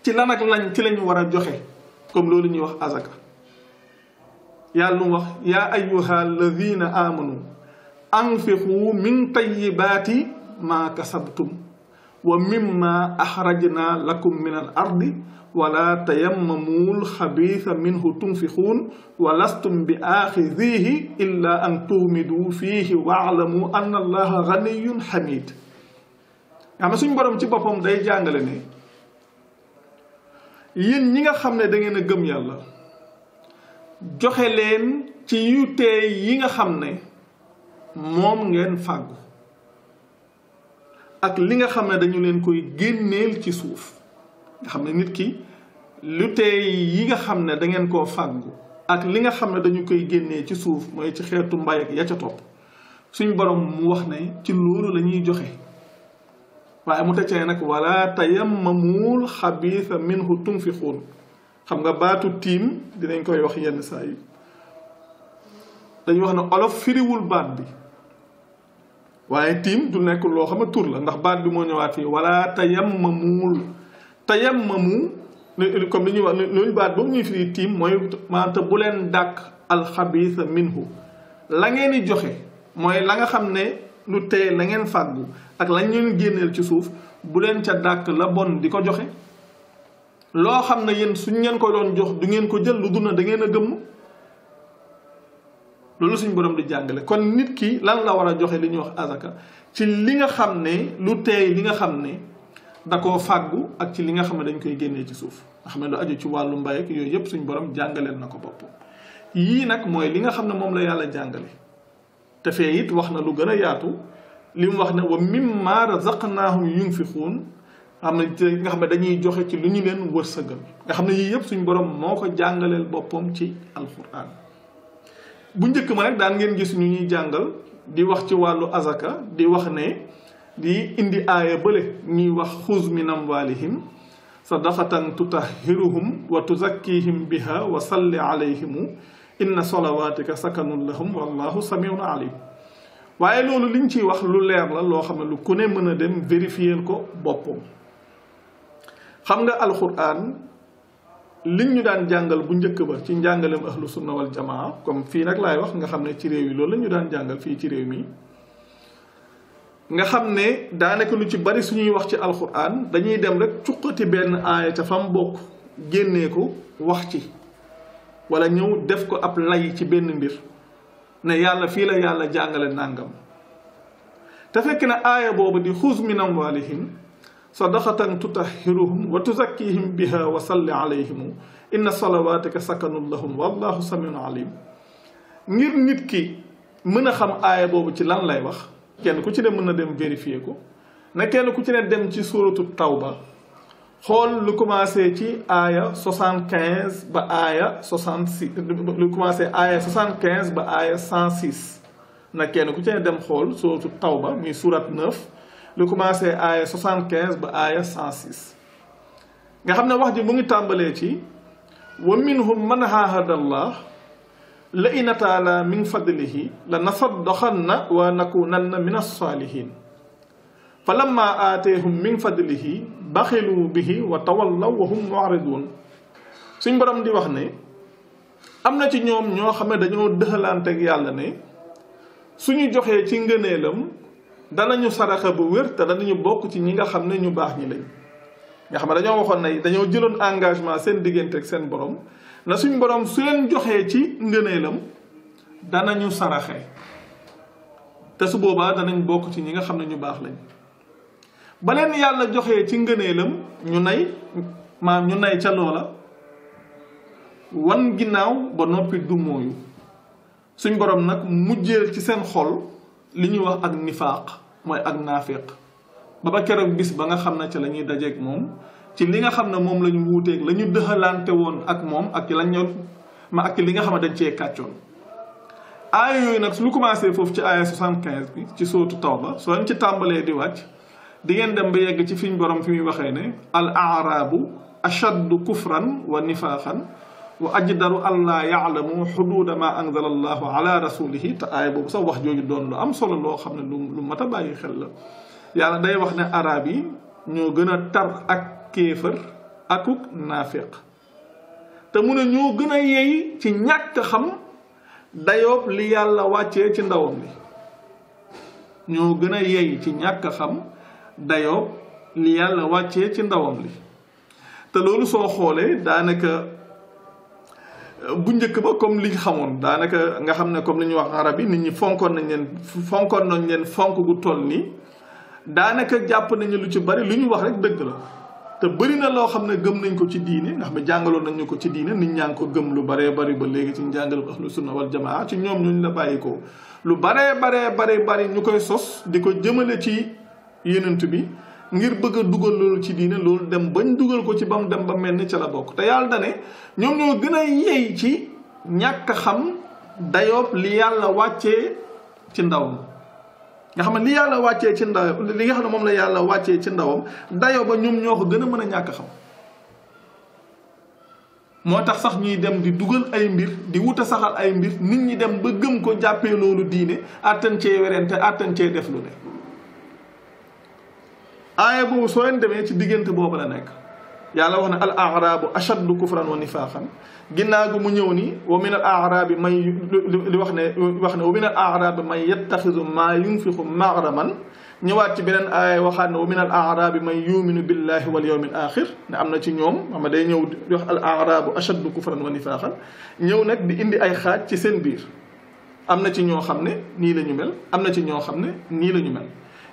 تي لانك لان تي لاني ورا جوخي كوم لولو ني واخ ازاكا يالنو يا أيها الذين آمنوا أنفقوا من طيبات ما كسبتم ومما أخرجنا لكم من الأرض ولا تيمموا الخبيث منه تنفقون ولستم بآخذيه إلا أن تغمدوا فيه واعلموا أن الله غني حميد يا مسوين برام تي بابام داي جانغالني يين نيغا خامني دا نغي نغم يالله joxe leen ci yu teey yi nga xam ne moom ngeen fàggu ak li nga xam ne dañu leen koy génneel ci suuf nga xam ne nit ki lu teey yi nga xam ne dangeen koo fàggu ak li nga xam ne dañu koy génnee ci suuf mooy ci xeetu mbay ak ya ca topp suñ borom mu wax ne ci loolu lañuy joxe waaye mu tëccee nag wala muul xabiisa minhu tunfixuun xam nga baatu tiim dinañ koy wax yenn saa yi dañuy wax na olof firiwul baat bi waaye tiim du nekk loo xam ne tur la ndax baat bi moo ñëwaat ñëwaatee wala tayammamul tayammamu comme li ñuy wax luñu baat boobu ñuy firi tiim mooy maanaam bu leen dàq alxabiisa minhu la ngeen di joxe mooy la nga xam ne lu teye la ngeen fàggu ak lañ leen génneel ci suuf bu leen ca dàq la bon di ko joxe loo xam ne yéen suñ ngeen ko doon jox du ngeen ko jël lu duna da ngeen a gëmm loolu suñ borom di jàngale kon nit ki lan la war a joxe li ñuy wax azaka ci li nga xam ne lu teey li nga xam ne da koo fàggu ak ci li nga xam ne dañ koy génnee ci suuf nga xam ne lu aju ci wàllu mbay yooyu yëpp suñ borom jàngaleel na ko bopp yii nag mooy li nga xam ne moom la yàlla jàngale te fee it wax na lu gën a yaatu li mu wax ne wa mimma razaqnahum yunfiquun am na te nga xam ne dañuy joxe ci lu ñu leen wërsëgal nga xam ne yii yëpp suñu borom moo ko jàngaleel boppam ci alxuraan bu njëkk ma nag daan ngeen gis ñu ñuy jàngal di wax ci wàllu azaka di wax ne di indi aaya bële ñuy wax xuz min amwalihim sadaqatan tutahhiruhum wa tuzakkihim biha wa salli alayhimu inna salawatika sakanun lahum wallahu samiun alim waaye loolu liñ ciy wax lu leer la loo xam ne lu ku ne mën a dem vérifier ko boppam xam nga alxuraan li ñu daan jàngal bu njëkk ba ci njàngaleem ahlu sunna wal jamaa comme fii nag laay wax nga xam ne ci réew yi loolu la ñu daan jàngal fii ci réew mi nga xam ne daanaka lu ci bari suñuy wax ci alxuraan dañuy dem rek cuqati benn aaya ca fam bokk génnee ko wax ci wala ñëw def ko ab lay ci benn mbir ne yàlla fii la yàlla jàngale nàngam te fekk na aaya boobu di xuz min amwalihim صدقة تطهرهم وتزكيهم بها وصل عليهم إن صلواتك سكن لهم والله سميع عليم ngir nit ki mën a xam aaya boobu ci lan lay wax kenn ku ci ne mën na dem vérifier ko na kenn ku ci ne dem ci suuratu tawba xool lu commencé ci aaya 75 ba aaya 66 lu commencé aaya 75 ba aaya 106 na kenn ku ci ne dem xool suuratu tawba muy suurat 9 lu commencé aaya 75 ba aaya 106 nga xam ne wax ji mu ngi tàmbalee ci wa minhum man haahada allah la in min fadlihi la nasaddaxanna wa nakunanna min alsaalihin fa lamma aateyhum min fadlihi baxilu bihi wa tawallaw wa hum mu'ridun suñ borom di wax ne am na ci ñoom ñoo xam ne dañoo dëxalaante ak yàlla ne suñu joxee ci ngëneelam danañu saraxa bu wér te danañu bokk ci ñi nga xam ne ñu baax ñi lañ nga xam ne dañoo waxoon ne dañoo jëloon engagement seen diggante ak seen borom na suñ borom su joxee ci ngëneelam danañu saraxe te su boobaa danañ bokk ci ñi nga xam ne ñu baax lañ ba yàlla joxee ci ngëneelam ñu nay maam ñu nay ca loola wan ginnaaw ba noppi du mooyu suñ borom nag mujjeel ci seen xol li ñu wax ak nifaaq mooy ak naafeq ba ba keroog bis ba nga xam ne ca la ñuy dajeeg moom ci li nga xam ne moom lañu ñu wuuteeg la woon ak moom ak lañ ñoon ma ak li nga xam ne dañ cee kàccoon aaya yooyu nag lu commencé foofu ci aaya 75 bi ci sóotu tawba soo leen ci tàmbalee di wàcc di ngeen dem ba yegg ci fiñ borom fi muy waxee ne al aarabu ashaddu kufran wa nifaaqan وأجدر ألا يعلموا حدود ما أنزل الله على رسوله te aaya boobu sax wax jooju doon lu am solo loo xam ne lu lu mat a bàyyi xel la yàlla day wax ne arab yi ñoo gën a tar ak kéefër akuk naafiq te mu ne ñoo gën a yey ci ñàkk xam dayoob li yàlla wàccee ci ndawam li ñoo gën a yey ci ñàkk xam dayoob li yàlla wàccee ci ndawam li te loolu soo xoolee daanaka bu njëkk ba comme liñ xamoon daanaka nga xam ne comme li ñuy wax arab yi nit ñi fonkoon nañ leen fonkoon nañ leen fonk gu toll nii daanaka jàpp nañu lu ci bari lu ñu wax rek dëgg la te bari na loo xam ne gëm nañ ko ci diine nga xam ne jàngaloon nañ ñu ko ci diine nit ñaa ngi ko gëm lu baree bari ba léegi ci njàngal ahlu sunna wal jamaa ci ñoom ñooñu la bàyyi ko lu baree baree bari bari ñu koy sos di ko jëmale ci yenant bi ngir bëgg a dugal loolu ci diine loolu dem bañ dugal ko ci ba mu dem ba mel ni ca la bokk te yàlla dane ñoom ñoo gën a yey ci ñàkk xam dayoob li yàlla wàccee ci ndaw nga xam ne li yàlla wàccee ci ndaw li nga xam ne moom la yàlla wàccee ci ndawam dayoo ba ñoom ñoo ko gën a mën a ñàkk xam moo tax sax ñuy dem di dugal ay mbir di wut a saxal ay mbir nit ñi dem ba gëm ko jàppee loolu diine àttan cee werante àttan cee def lu ne aaya bu soo leen demee ci digënté bobu la nek yàlla wax ne al a'rab ashaddu kufran wa nifaqan ginnagu mu ñëw ni wa min al a'rab may li wax ne wax ne wa min al a'rab may yattakhidhu ma yunfiqu ma'raman ñëwaat ci benen aaya waxane wa min al a'rab may yuminu billahi wal yawmil akhir ne amna ci ñoom xam day ñëw di wax al a'rab ashaddu kufran wa nifaqan ñëw nak di indi ay xaat ci seen biir amna ci ño xamne ni lañu mel amna ci ño xamne ni lañu mel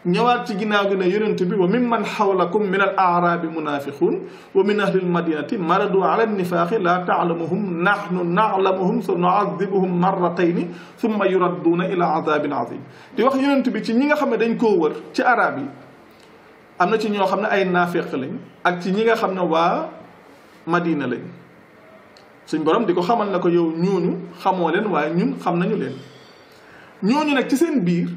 ñëwaat ci ginnaaw gi ne yonent bi wa min man xawlakum min al aarabi munafiqun wa min ahli lmadinati maradu ala nnifaaqi la taalamuhum nahnu naalamuhum sa nuadibuhum marratayni summa yuradduuna ila adabin azim di wax yonent bi ci ñi nga xam ne dañ koo wër ci arab yi am na ci ñoo xam ne ay naafeq lañ ak ci ñi nga xam ne waa madina lañ suñ borom di ko xamal na ko yow ñooñu xamoo leen waaye ñun xam nañu leen ñooñu nag ci seen biir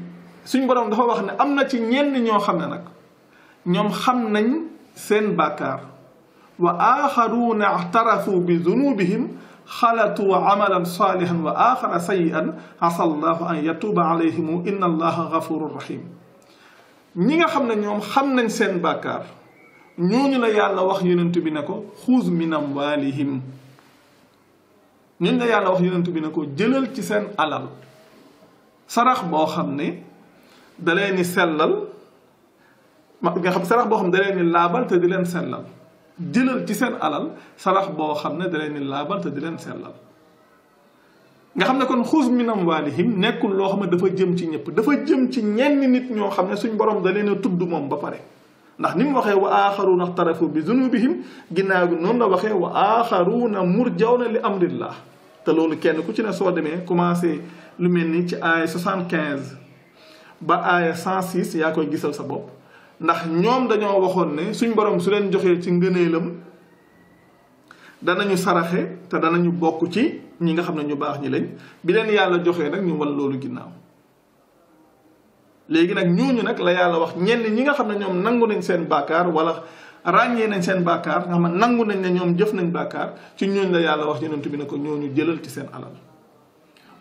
suñ borom dafa wax ne am na ci ñenn ñoo xam ne nag ñoom xam nañ seen bàkkaar wa axaruuna axtarafu bi zunubihim xalatu amalan salihan wa axara sayian asa allahu an yatuba alayhimu inna allaha gafuru rahim ñi nga xam ne ñoom xam nañ seen bàkkaar ñooñu la yàlla wax yonent bi ne ko xuus min amwalihim ñooñu la yàlla wax yonent bi ne ko jëlal ci seen alal sarax boo xam ne da leen di sellal ma nga xam sarax boo xam ne da leen di laabal te di leen sellal dilal ci seen alal sarax boo xam ne da leen di laabal te di leen sellal nga xam ne kon xuus min amwaalihim nekkul loo xam ne dafa jëm ci ñëpp dafa jëm ci ñenn nit ñoo xam ne suñ borom da leen a tudd moom ba pare ndax ni mu waxee wa aaxaruuna ixtarafu bi zunubihim ginnaaw gi noonu la waxee wa aaxaruuna murjawna li amrillah te loolu kenn ku ci ne soo demee commencé lu mel ni ci ay 75 ba aaya 106 yaa koy gisal sa bopp ndax ñoom dañoo waxoon ne suñ borom su leen joxee ci ngëneelam danañu saraxe te ñu bokk ci ñi nga xam ne ñu baax ñi lañ bi leen yàlla joxee nag ñu wal loolu ginnaaw léegi nag ñooñu nag la yàlla wax ñenn ñi nga xam ne ñoom nangu nañ seen bàkkaar wala ràññee nañ seen bàkkaar nga xam ne nangu nañ ne ñoom jëf nañ bàkkaar ci ñooñu la yàlla wax yonent bi ne ko ñooñu jëlal ci seen alal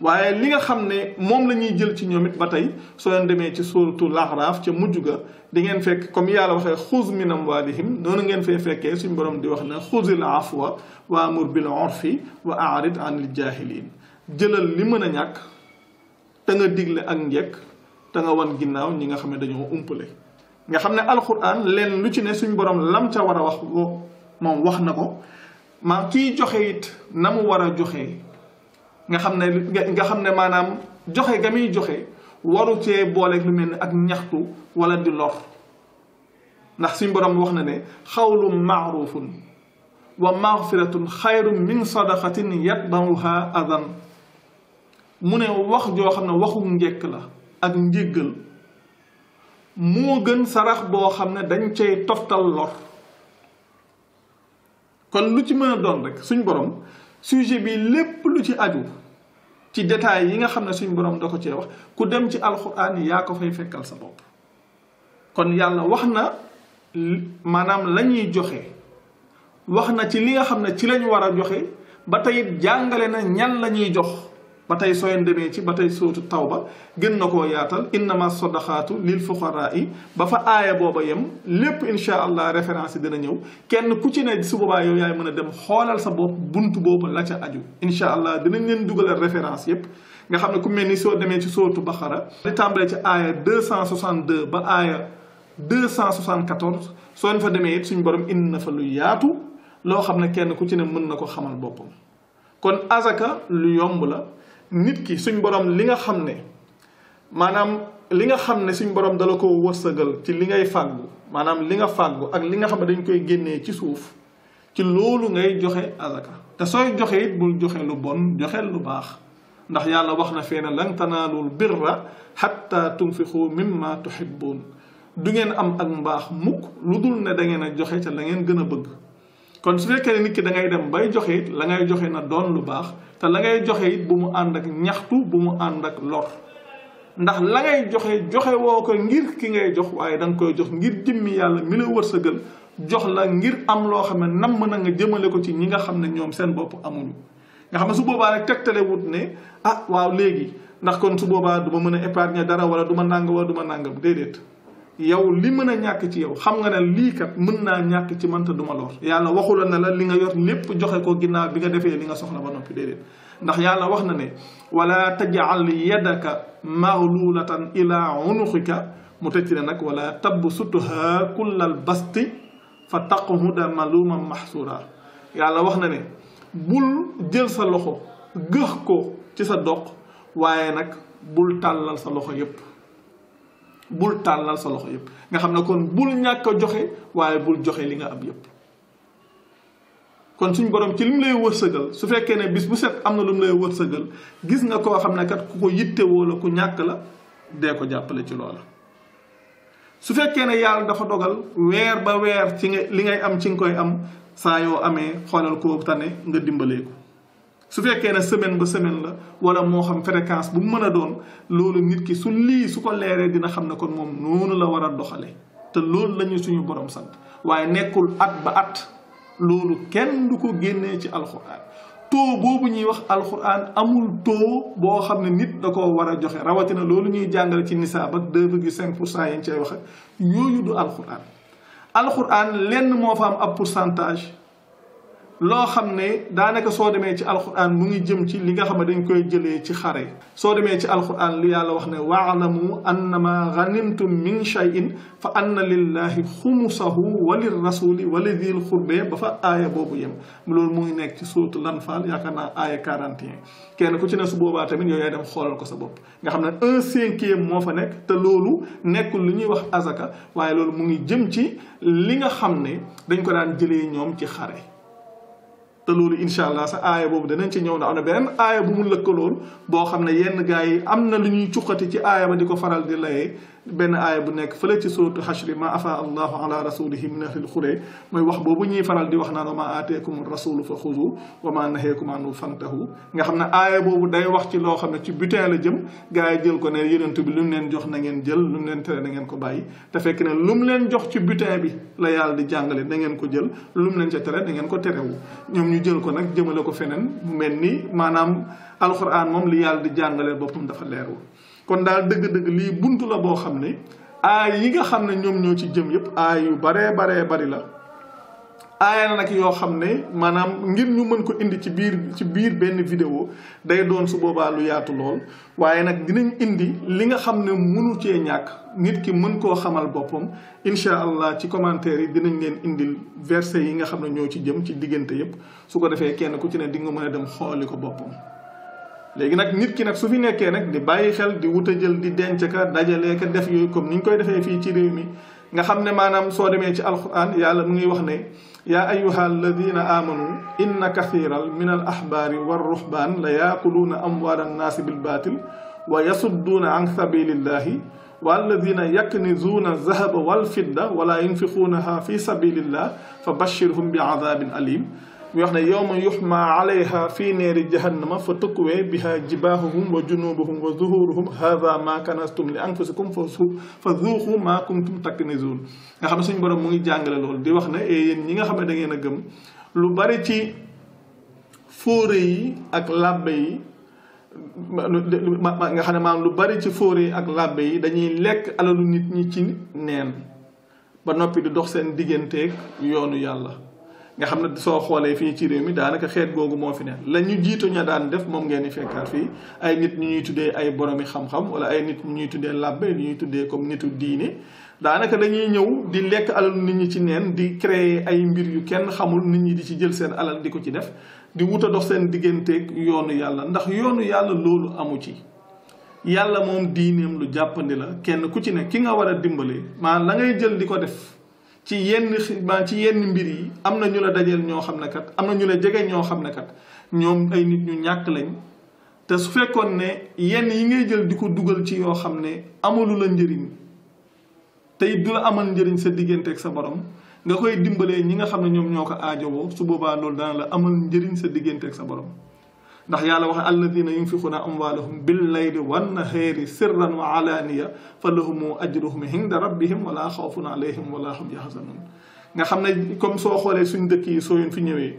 waaye li nga xam ne moom la ñuy jël ci ñoom it ba tey soo leen demee ci suuratu laxraaf ca mujj ga di ngeen fekk comme yàlla waxee xuz min amwalihim noonu ngeen fee fekkee suñ borom di wax ne xuzil afwa wa amur bil urfi wa aarid anil jahilin jëlal li mën a ñàkk te nga digle ak njëkk te nga wan ginnaaw ñi nga xam ne dañoo umpale nga xam ne alxuraan leen lu ci ne suñ borom lam ca war a wax moom wax na ko maa kiy joxe it na mu war a joxe nga xam ne nga xam ne maanaam joxe ga muy joxe waru cee booleeg lu mel ni ak ñaxtu wala di lor ndax suñ borom wax na ne xawlu maarufun wa maxfiratun xayru min sadaqatin yatbauha adan mu wax joo xam waxu njëkk la ak njéggal moo gën sarax boo xam dañ cay toftal lor kon lu ci mën doon rek suñ borom sujet bi lépp lu ci aju ci détails yi nga xam ne suñ borom da ko cee wax ku dem ci alxuraan yaa ko fay fekkal sa bopp kon yàlla wax na maanaam la ñuy joxe wax na ci li nga xam ne ci lañu war a joxe ba tey jàngale na ñan la ñuy jox batay soyen deme ci batay tey sootu tawba gën nako koo yaatal innama sadaqatu lil fuqaraa ba fa aya boba yem lépp insha allah référence dina ñëw kenn ku ci ne su boba yow yaay mëna dem xolal sa bop buntu boobu la ca aju insha allah dina leen duggal référence yépp nga xamne ku melni so deme ci sootu bakhara di tambalé ci aya 262 ba aya 274 soñ fa deme it suñ borom inna fa lu yaatu lo xamne kenn ku ci ne mëna ko xamal bopam kon azaka lu yomb la nit ki suñ borom li nga xam ne maanaam li nga xam ne suñ borom dala ko wërsëgal ci li ngay fàggu maanaam li nga fàggu ak li nga xam ne dañ koy génnee ci suuf ci loolu ngay joxe azaka te sooy joxee it bul joxe lu bon joxe lu baax ndax yàlla wax na fee ne lan tanaalul birra xatta tunfixu mimma tuhibbun du ngeen am ak mbaax mukk lu dul ne da ngeen a joxe ca la ngeen gën a bëgg kon su nekkee ne nit ki da ngay dem bay joxe it la ngay joxe na doon lu baax te la ngay joxe it bu mu ànd ak ñaxtu bu mu ànd ak lor ndax la ngay joxe joxe woo ko ngir ki ngay jox waaye da nga koy jox ngir jëmmi yàlla mi la wërsëgal jox la ngir am loo xam ne nam na nga jëmale ko ci ñi nga xam ne ñoom seen bopp amuñu nga xam ne su boobaa rek tegtale wut ne ah waaw léegi ndax kon su boobaa du ma mën a épargner dara wala du ma nangam wala du ma nangam déedéet. yow li meuna ñak ci yow xam nga ne li kat meuna ñak ñàkk ci mënta duma lor yàlla waxul na la li nga yor nepp joxe ko ginaaw bi nga defee li nga soxla ba noppi dedet ndax yàlla wax na ne wala tajal yadaka maglulatan ila unuqika mu tëj ne nag wala tabsutha kullal basti fa taqhuda maluman mahsura yàlla wax na ne bul jël sa loxo gëx ko ci sa dox waye nak bul talal sa loxo yépp bul tàllal sa loxo yépp nga xam ne kon bul ñàkk joxe waaye bul joxe li nga am yépp kon suñ borom ci li mu lay wërsëgal su fekkee ne bis bu set am na lu mu lay wërsëgal gis nga koo xam ne kat ku ko yittewoo la ku ñàkk la dee ko jàppale ci loola su fekkee ne yàlla dafa dogal weer ba weer ci nga li ngay am ci nga koy am saa yoo amee xoolal koo tane nga dimbalee su fekkee ne semaine ba semaine la wala moo xam fréquence bu mën a doon loolu nit ki su lii su ko leeree dina xam ne kon moom noonu la war a doxale te loolu la ñu suñu borom sant waaye nekkul at ba at loolu kenn du ko génnee ci alxuraan taux boobu ñuy wax alxuraan amul taux boo xam ne nit da koo war a joxe rawatina loolu ñuy jàngale ci nisa ba deux virgule cinq pour cent yañ cay wax ak yooyu du alxuraan alxuraan lenn moo fa am ab pourcentage lo xamne ne daanaka soo demee ci alquran mu ngi jëm ci li nga xamne dañ koy jëlé ci xare so demé ci alquran li yàlla wax ne wa'lamu annama ghanimtum min shay'in fa anna lillahi xumusahu wa lirrasuli wa lidil xurbe ba fa aya bobu yem lool mu ngi nekk ci sourate lanfal yakana aya 41 kenn ku ci ne su boba tamit yoy dem xolal ko sa bop nga xamne ne un cinquième moo fa nekk te loolu nekkul lu ñuy wax azaka waye loolu mu ngi jëm ci li nga xamne dañ ko daan jëlé ñom ci xare te loolu incha allah sa aaya boobu danañ ci ñëw na am na beneen aaya bu mu lëkkaloon boo xam ne yenn gars yi am na lu ñuy cuqati ci aaya ba di ko faral di layee ben aaya bu nek fële ci suratul hashr ma afa allah ala rasulih min al khuray moy wax bobu ñi faral di wax na ma atakum ar rasul fa khudhu wa ma nahaykum anu fantahu nga xamna ne bobu day wax ci lo xamne ci butin la jëm gaay jël ko ne yeenent bi lum leen jox na ngeen jël lum leen tere na ngeen ko bàyyi ta fek ne lum leen jox ci butin bi la yàlla di jàngale na ngeen ko jël lum leen ci tere na ngeen ko tere wu ñom ñu jël ko nak jëmele ko fenen mu melni manam al qur'an mom li yàlla di jàngale bopum dafa leer wu kon daal dëgg-dëgg lii buntu la boo xam ne aay yi nga xam ne ñoom ñoo ci jëm yëpp aay yu baree baree bari la aaya nag yoo xam ne maanaam ngir ñu mën ko indi ci biir ci biir benn vidéo day doon su boobaa lu yaatu lool waaye nag dinañ indi li nga xam ne mënu cee ñàkk nit ki mën koo xamal boppam incha allah ci commentaire yi dinañ ngeen indil verset yi nga xam ne ñoo ci jëm ci diggante yépp su ko defee kenn ku ci ne di nga mën a dem xooli ko boppam. légi nak nit ki nak su fi nekké nak di bàyyi xel di wut jël di denc ka dajale ka def yoy comme niñ koy défé fi ci réew mi nga xamné manam so démé ci alquran yàlla mu ngi wax ne ya ayuha alladina amanu inna kathiran min al ahbaari wa ruhbaan la an amwaal bil batil wa yasudduna an sabilillahi والذين يكنزون الذهب والفضة ولا ينفقونها في سبيل الله فبشرهم بعذاب أليم muy wax ne yawma yuhma alayha fi neeri jahannama fa tukkuwee biha jibaahuhum wa junubuhum wa zuhuruhum hadha ma kanastum li anfusikum fa su fa zuuxu takk kuntum taknizun nga xam ne suñ borom mu ngi jàngale loolu di wax ne yéen ñi nga xam ne da ngeen a gëm lu bari ci fóore yi ak làbbe yi nga xam ne maanaam lu bari ci fóore yi ak làbbe yi dañuy lekk alalu nit ñi ci neen ba noppi di dox seen digganteeg yoonu yàlla nga xam ne soo xoolee fii ci réew mi daanaka xeet googu moo fi ne la ñu jiitu ña daan def moom ngeen di fekkaat fii ay nit ñu ñuy tuddee ay boromi xam-xam wala ay nit ñu ñuy tuddee làbbe ñu ñuy tuddee comme nitu diine daanaka dañuy ñëw di lekk alalu nit ñi ci neen di créer ay mbir yu kenn xamul nit ñi di ci jël seen alal di ko ci def di wut a dox seen digganteeg yoonu yàlla ndax yoonu yàlla loolu amu ci yàlla moom diineem lu jàppandi la kenn ku ci ne ki nga war a dimbali maa la ngay jël di ko def ci yenn ci yenn mbir yi am na ñu la dajeel ñoo xam ne kat am na ñu la jege ñoo xam ne kat ñoom ay nit ñu ñàkk lañ te su fekkoon ne yenn yi ngay jël di ko dugal ci yoo xam ne amalu la njëriñ tey it du la amal njëriñ sa diggante ak sa borom nga koy dimbalee ñi nga xam ne ñoom ñoo ko aajowoo su boobaa loolu dana la amal njëriñ sa diggante ak sa borom. ndax yàlla wax alladina yunfiquna amwalahum billayli wannahaari sirran wa alaniya fa lahumu ajruhum hinda rabbihim wala xawfun alayhim wala hum yahzanun nga xam ne comme soo xoolee suñ dëkk yi soo yun fi ñëwee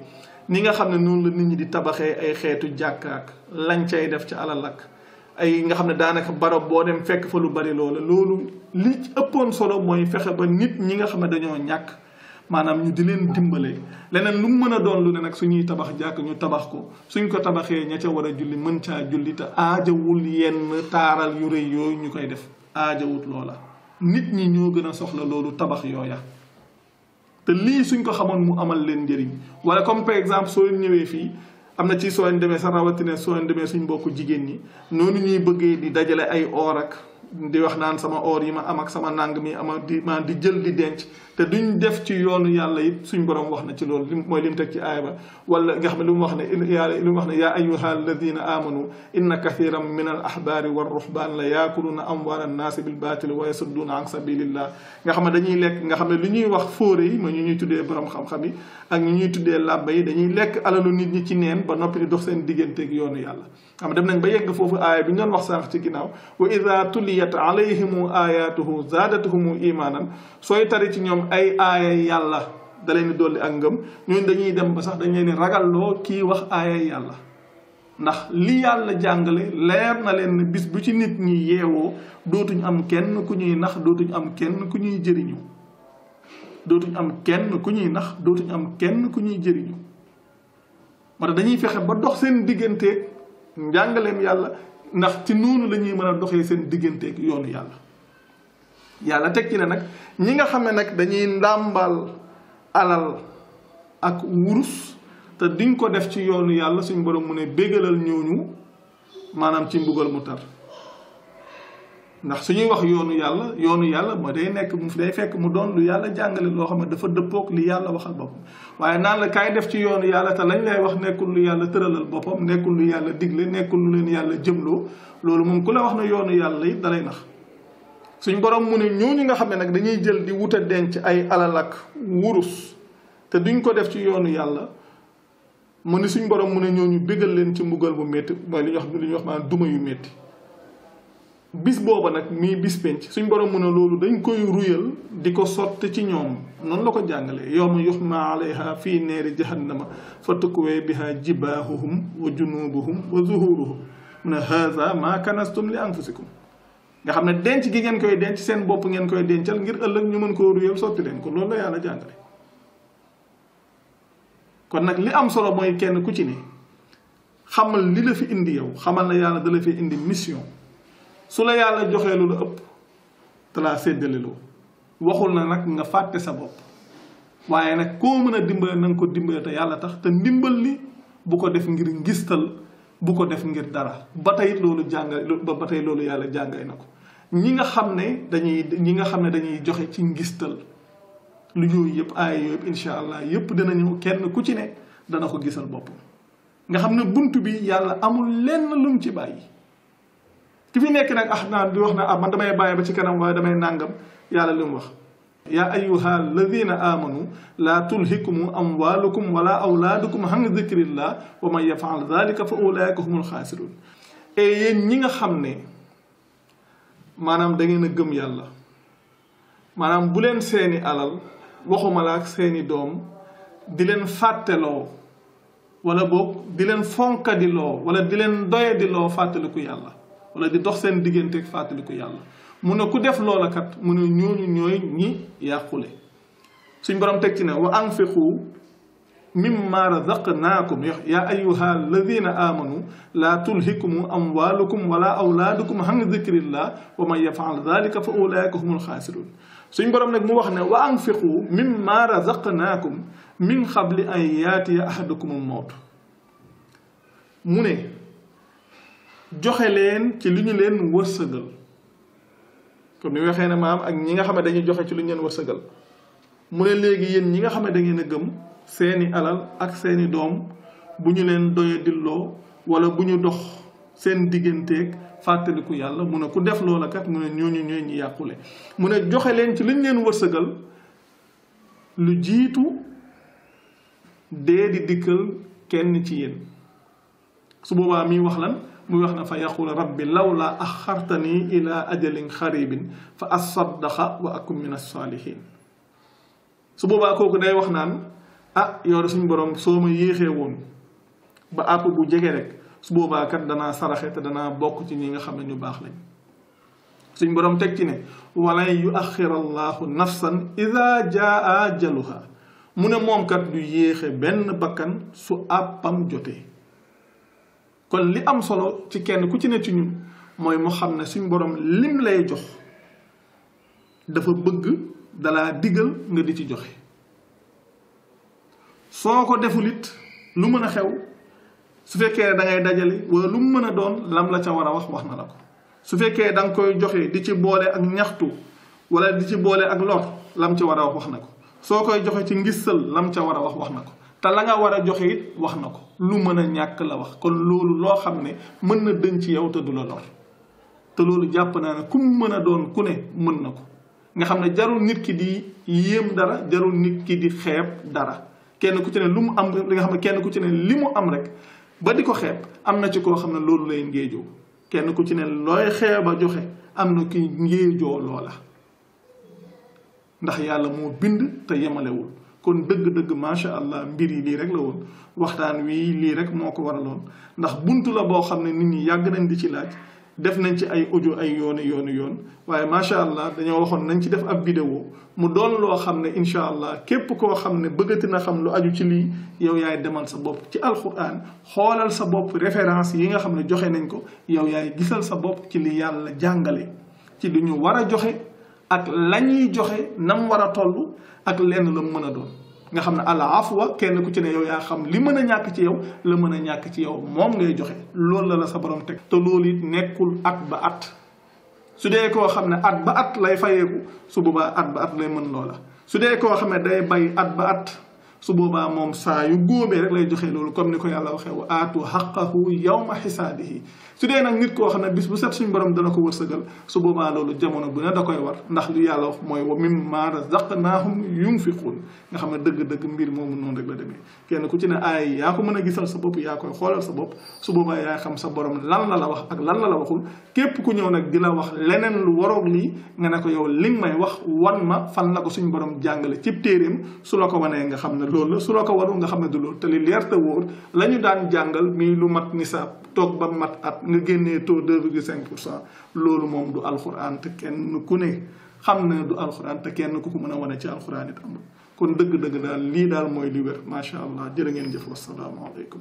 ni nga xam ne noonu la nit ñi di tabaxee ay xeetu jàkkaak lañ cay def ci alalak ay nga xam ne daanaka barab boo dem fekk fa lu bari loola loolu li ci ëppoon solo mooy fexe ba nit ñi nga xam ne dañoo ñàkk maanaam ñu di leen dimbale leneen lu mu mën a doon lu ne nag suñuy tabax jàkk ñu tabax ko suñ ko tabaxee ña ca war a julli mën caa julli te aajawul yenn taaral yu rëy yooyu ñu koy def aajawut loola nit ñi ñoo gën a soxla loolu tabax yooya te lii suñ ko xamoon mu amal leen njëriñ wala comme par exemple soo ñëwee fii am na ci soo demee sa rawatine soo demee suñ mbokku jigéen ñi noonu ñuy bëggee di dajale ay or ak di wax naan sama or yi ma am ak sama nàng mi ama di di jël di denc te duñ def ci yoonu yàlla yit suñ borom wax na ci loolu lim mooy lim teg ci aaya ba wala nga xam ne li mu wax ne yàlla li mu wax ne yaa ayuha alladina amanu inna kathiran min al ahbaari wa ruhban la yaakuluna amwaala annaasi bil batil wa yasudduuna an sabilillah nga xam ne dañuy lekk nga xam ne lu ñuy wax fóore yi mooy ñu ñuy tuddee borom xam-xam yi ak ñu ñuy tuddee làbba yi dañuy lekk alalu nit ñi ci neen ba noppi di dox seen digganteeg yoonu yàlla xam dem nañ ba yegg foofu aaya bi ñu doon wax sànq ci ginnaaw wa ida tuliyat alayhimu ayatuhu zaadatuhumu imanan sooy tari ci ñoom ay aayay yàlla da leen di dolli ak ngëm ñooñu dañuy dem ba sax dañ leen di ragalloo kii wax aayay yàlla ndax li yàlla jàngale leer na leen ne bis bu ci nit ñi yeewoo dootuñ am kenn ku ñuy nax dootuñ am kenn ku ñuy jëriñu dootuñ am kenn ku ñuy nax dootuñ am kenn ku ñuy jëriñu moo dañuy fexe ba dox seen digganteeg njàngaleem yàlla ndax ci noonu lañuy mën a doxee seen digganteeg yoonu yàlla yàlla teg ci ne nag ñi nga xam ne nag dañuy ndàmbal alal ak wurus te diñ ko def ci yoonu yàlla suñu borom mu ne bégalal ñooñu maanaam ci mbugal mu tar ndax suñuy wax yoonu yàlla yoonu yàlla mooy dey nekk mu day fekk mu doon lu yàlla jàngale loo xam ne dafa dëppoog li yàlla waxal boppam waaye naan la kaay def ci yoonu yàlla te lañ lay wax nekkul lu yàlla tëralal boppam nekkul lu yàlla digle nekkul lu leen yàlla jëmloo loolu moom ku la wax na yoon yàlla it dalay nax suñ borom mu ne ñooñu nga xam ne nag dañuy jël di wut a denc ay alal ak wurus te duñ ko def ci yoonu yàlla mu ne suñ borom mu ne ñu bégal leen ci mbugal bu métti mooy li ñuy wax li ñuy wax maanaam duma yu métti. bis booba nag mii bis penc suñ borom mu ne loolu dañ koy ruyal di ko sotti ci ñoom noonu la ko jàngalee yawma yuhma alayha fii neeri jahannama fa tukkuwee biha jibaahuhum wa junubuhum wa zuhuruhum mu ne haza kanastum li anfusikum nga xam ne denc gi ngeen koy denc seen bopp ngeen koy dencal ngir ëllëg ñu mën koo ruyal sotti leen ko loolu la yàlla jàngale kon nag li am solo mooy kenn ku ci ni xamal li la fi indi yow xamal na yàlla da la fi indi mission su la yàlla joxee lu la ëpp te laa waxul na nag nga fàtte sa bopp waaye nag koo mën a dimbale na nga ko dimbale te yàlla tax te ndimbal li bu ko def ngir ngistal bu ko def ngir dara ba tey loolu jàngay ba tey loolu yàlla jàngay na ko ñi nga xam ne dañuy ñi nga xam ne dañuy joxe ci ngistal lu yooyu yëpp aaya yooyu yëpp incha allah yëpp dana kenn ku ci ne dana ko gisal boppam nga xam ne bunt bi yàlla amul lenn lum ci bàyyi ki fi nekk nag ah naan di wax na ah man damay bàyyi ba ci kanam waaye damay nàngam yàlla li wax يا أيها الذين آمنوا لا تلهكم أموالكم ولا أولادكم عن ذكر الله ومن يفعل ذلك فأولئك هم الخاسرون et yéen ñi nga xam ne maanaam da ngeen a gëm yàlla maanaam bu leen seeni alal waxuma la ak seeni doom di leen fàtteloo wala boog di leen fonkadiloo wala di leen doyadiloo fàttaliku yàlla wala di dox seen digganteeg fàttaliku yàlla mune ku def loola kat mune ñooñu ñooy ñi yàqule suñ borom tek ci na wa anfiqu mimma razaqnakum ya ayyuha alladhina amanu la tulhikum amwalukum wala awladukum an dicrillah wa man yaf'al dalika fa ulaika humul khasirun suñ borom nak mu wax ne wa anfiqu mimma razaqnakum min xabli an yati ahadukum almawt mu joxe len ci liñu len wërsëgal comme ni waxee ne maam ak ñi nga xam ne dañuy joxe ci lu ñu leen wërsëgal mu ne léegi yéen ñi nga xam ne da ngeen a gëm seeni alal ak seeni doom bu ñu leen doye dilloo wala bu ñu dox seen digganteeg fàttaliku yàlla mu ne ku def loola kat mu ne ñooñu ñooy ñi yàqule mu ne joxe leen ci liñ leen wërsëgal lu jiitu dee di dikkal kenn ci yéen su boobaa miy wax lan muy wax na fa yaqul rabbi lawla akhartani ila ajalin kharibin fa asaddaqa wa akum min salihin su boba koku day wax nan ah yow suñ borom soo ma yéexee ba apu bu jege rek su boba kat dana saraxé te dana bok ci ñi nga xamné ñu bax lañ suñ borom tek ci né walan yu allahu nafsan ida jaa ajaluha mune mom kat du yexé ben bakkan su àppam joté kon li am solo ci kenn ku ci ne ci ñun mooy mu xam ne suñ borom lim lay jox dafa bëgg dalaa digal nga di ci joxe soo ko deful it lu mën a xew su fekkee da ngay dajale wala lu mu mën a doon lam la ca war a wax wax na la ko su fekkee da nga koy joxe di ci boole ak ñaxtu wala di ci boole ak lor lam ca war a wax wax na ko soo koy joxe ci ngissal lam ca war a wax wax na ko te la nga war a joxe it wax na ko lu mën a ñàkk la wax kon loolu loo xam ne mën na dënc yow te du la lor te loolu jàpp naa ne ku mu mën a doon ku ne mën na ko nga xam ne jarul nit ki di yéem dara jarul nit ki di xeeb dara kenn ku ci ne lu mu am li nga xam ne kenn ku ci ne li mu am rek ba di ko xeeb am na ci koo xam ne loolu lay ngéejoo kenn ku ci ne looy xeeb a joxe am na ki ngéejoo loola ndax yàlla moo bind te yemalewul kon dëgg-dëgg macha allah mbir yi lii rek la woon waxtaan wi lii rek moo ko waraloon ndax buntu la boo xam ne nit ñi yàgg nañ di ci laaj def nañ ci ay audio ay yoon yoonu yoon waaye macha allah dañoo waxoon nañ ci def ab vidéo mu dool loo xam ne incha allah képp koo xam ne bëggati na xam lu aju ci lii yow yaay demal sa bopp ci alquran xoolal sa bopp référence yi nga xam ne joxe nañ ko yow yaay gisal sa bopp ci li yàlla jàngale ci li ñu war a joxe ak la ñuy joxe nam war a toll ak lenn la mu mën a doon nga xam ne al afwa kenn ku ci ne yow yaa xam li mën a ñàkk ci yow la mën a ñàkk ci yow moom ngay joxe loolu la la sa borom teg te loolu it nekkul at ba at su dee koo xam ne at ba at lay fayeeku su boobaa at ba at lay mën loola su dee koo xam ne day bay at ba at su boobaa moom saa yu góobee rek lay joxee loolu comme ni ko yàlla waxee wa aatu xaqahu yawma xisaadihi su dee nag nit koo xam ne bis bu set suñ borom dana ko wërsëgal su boobaa loolu jamono bu ne da koy war ndax li yàlla wax mooy wa mimma razaqnaahum yunfiquun nga xam ne dëgg-dëgg mbir moomu noonu rek la demee kenn ku ci ne aay yaa ko mën a gisal sa bopp yaa koy xoolal sa bopp su boobaa yaa xam sa borom lan la la wax ak lan la la waxul képp ku ñëw nag di la wax leneen lu waroog lii nga ne ko yow li may wax wan ma fan na ko suñu borom jàngale cib téeréem su la ko wanee nga xam ne loolu la su la ko warul nga xam ne du loolu te li leer te wóor la ñu daan jàngal mii lu mat nisaab toog ba mat at nga génnee taux deux virgule cinq pour cent loolu moom du alxuraan te kenn ku ne xam na du alxuraan te kenn ku ko mën a wane ci alxuraan amul kon dëgg-dëgg daal lii daal mooy li wér macha allah jërë ngeen jëf wasalaamaaleykum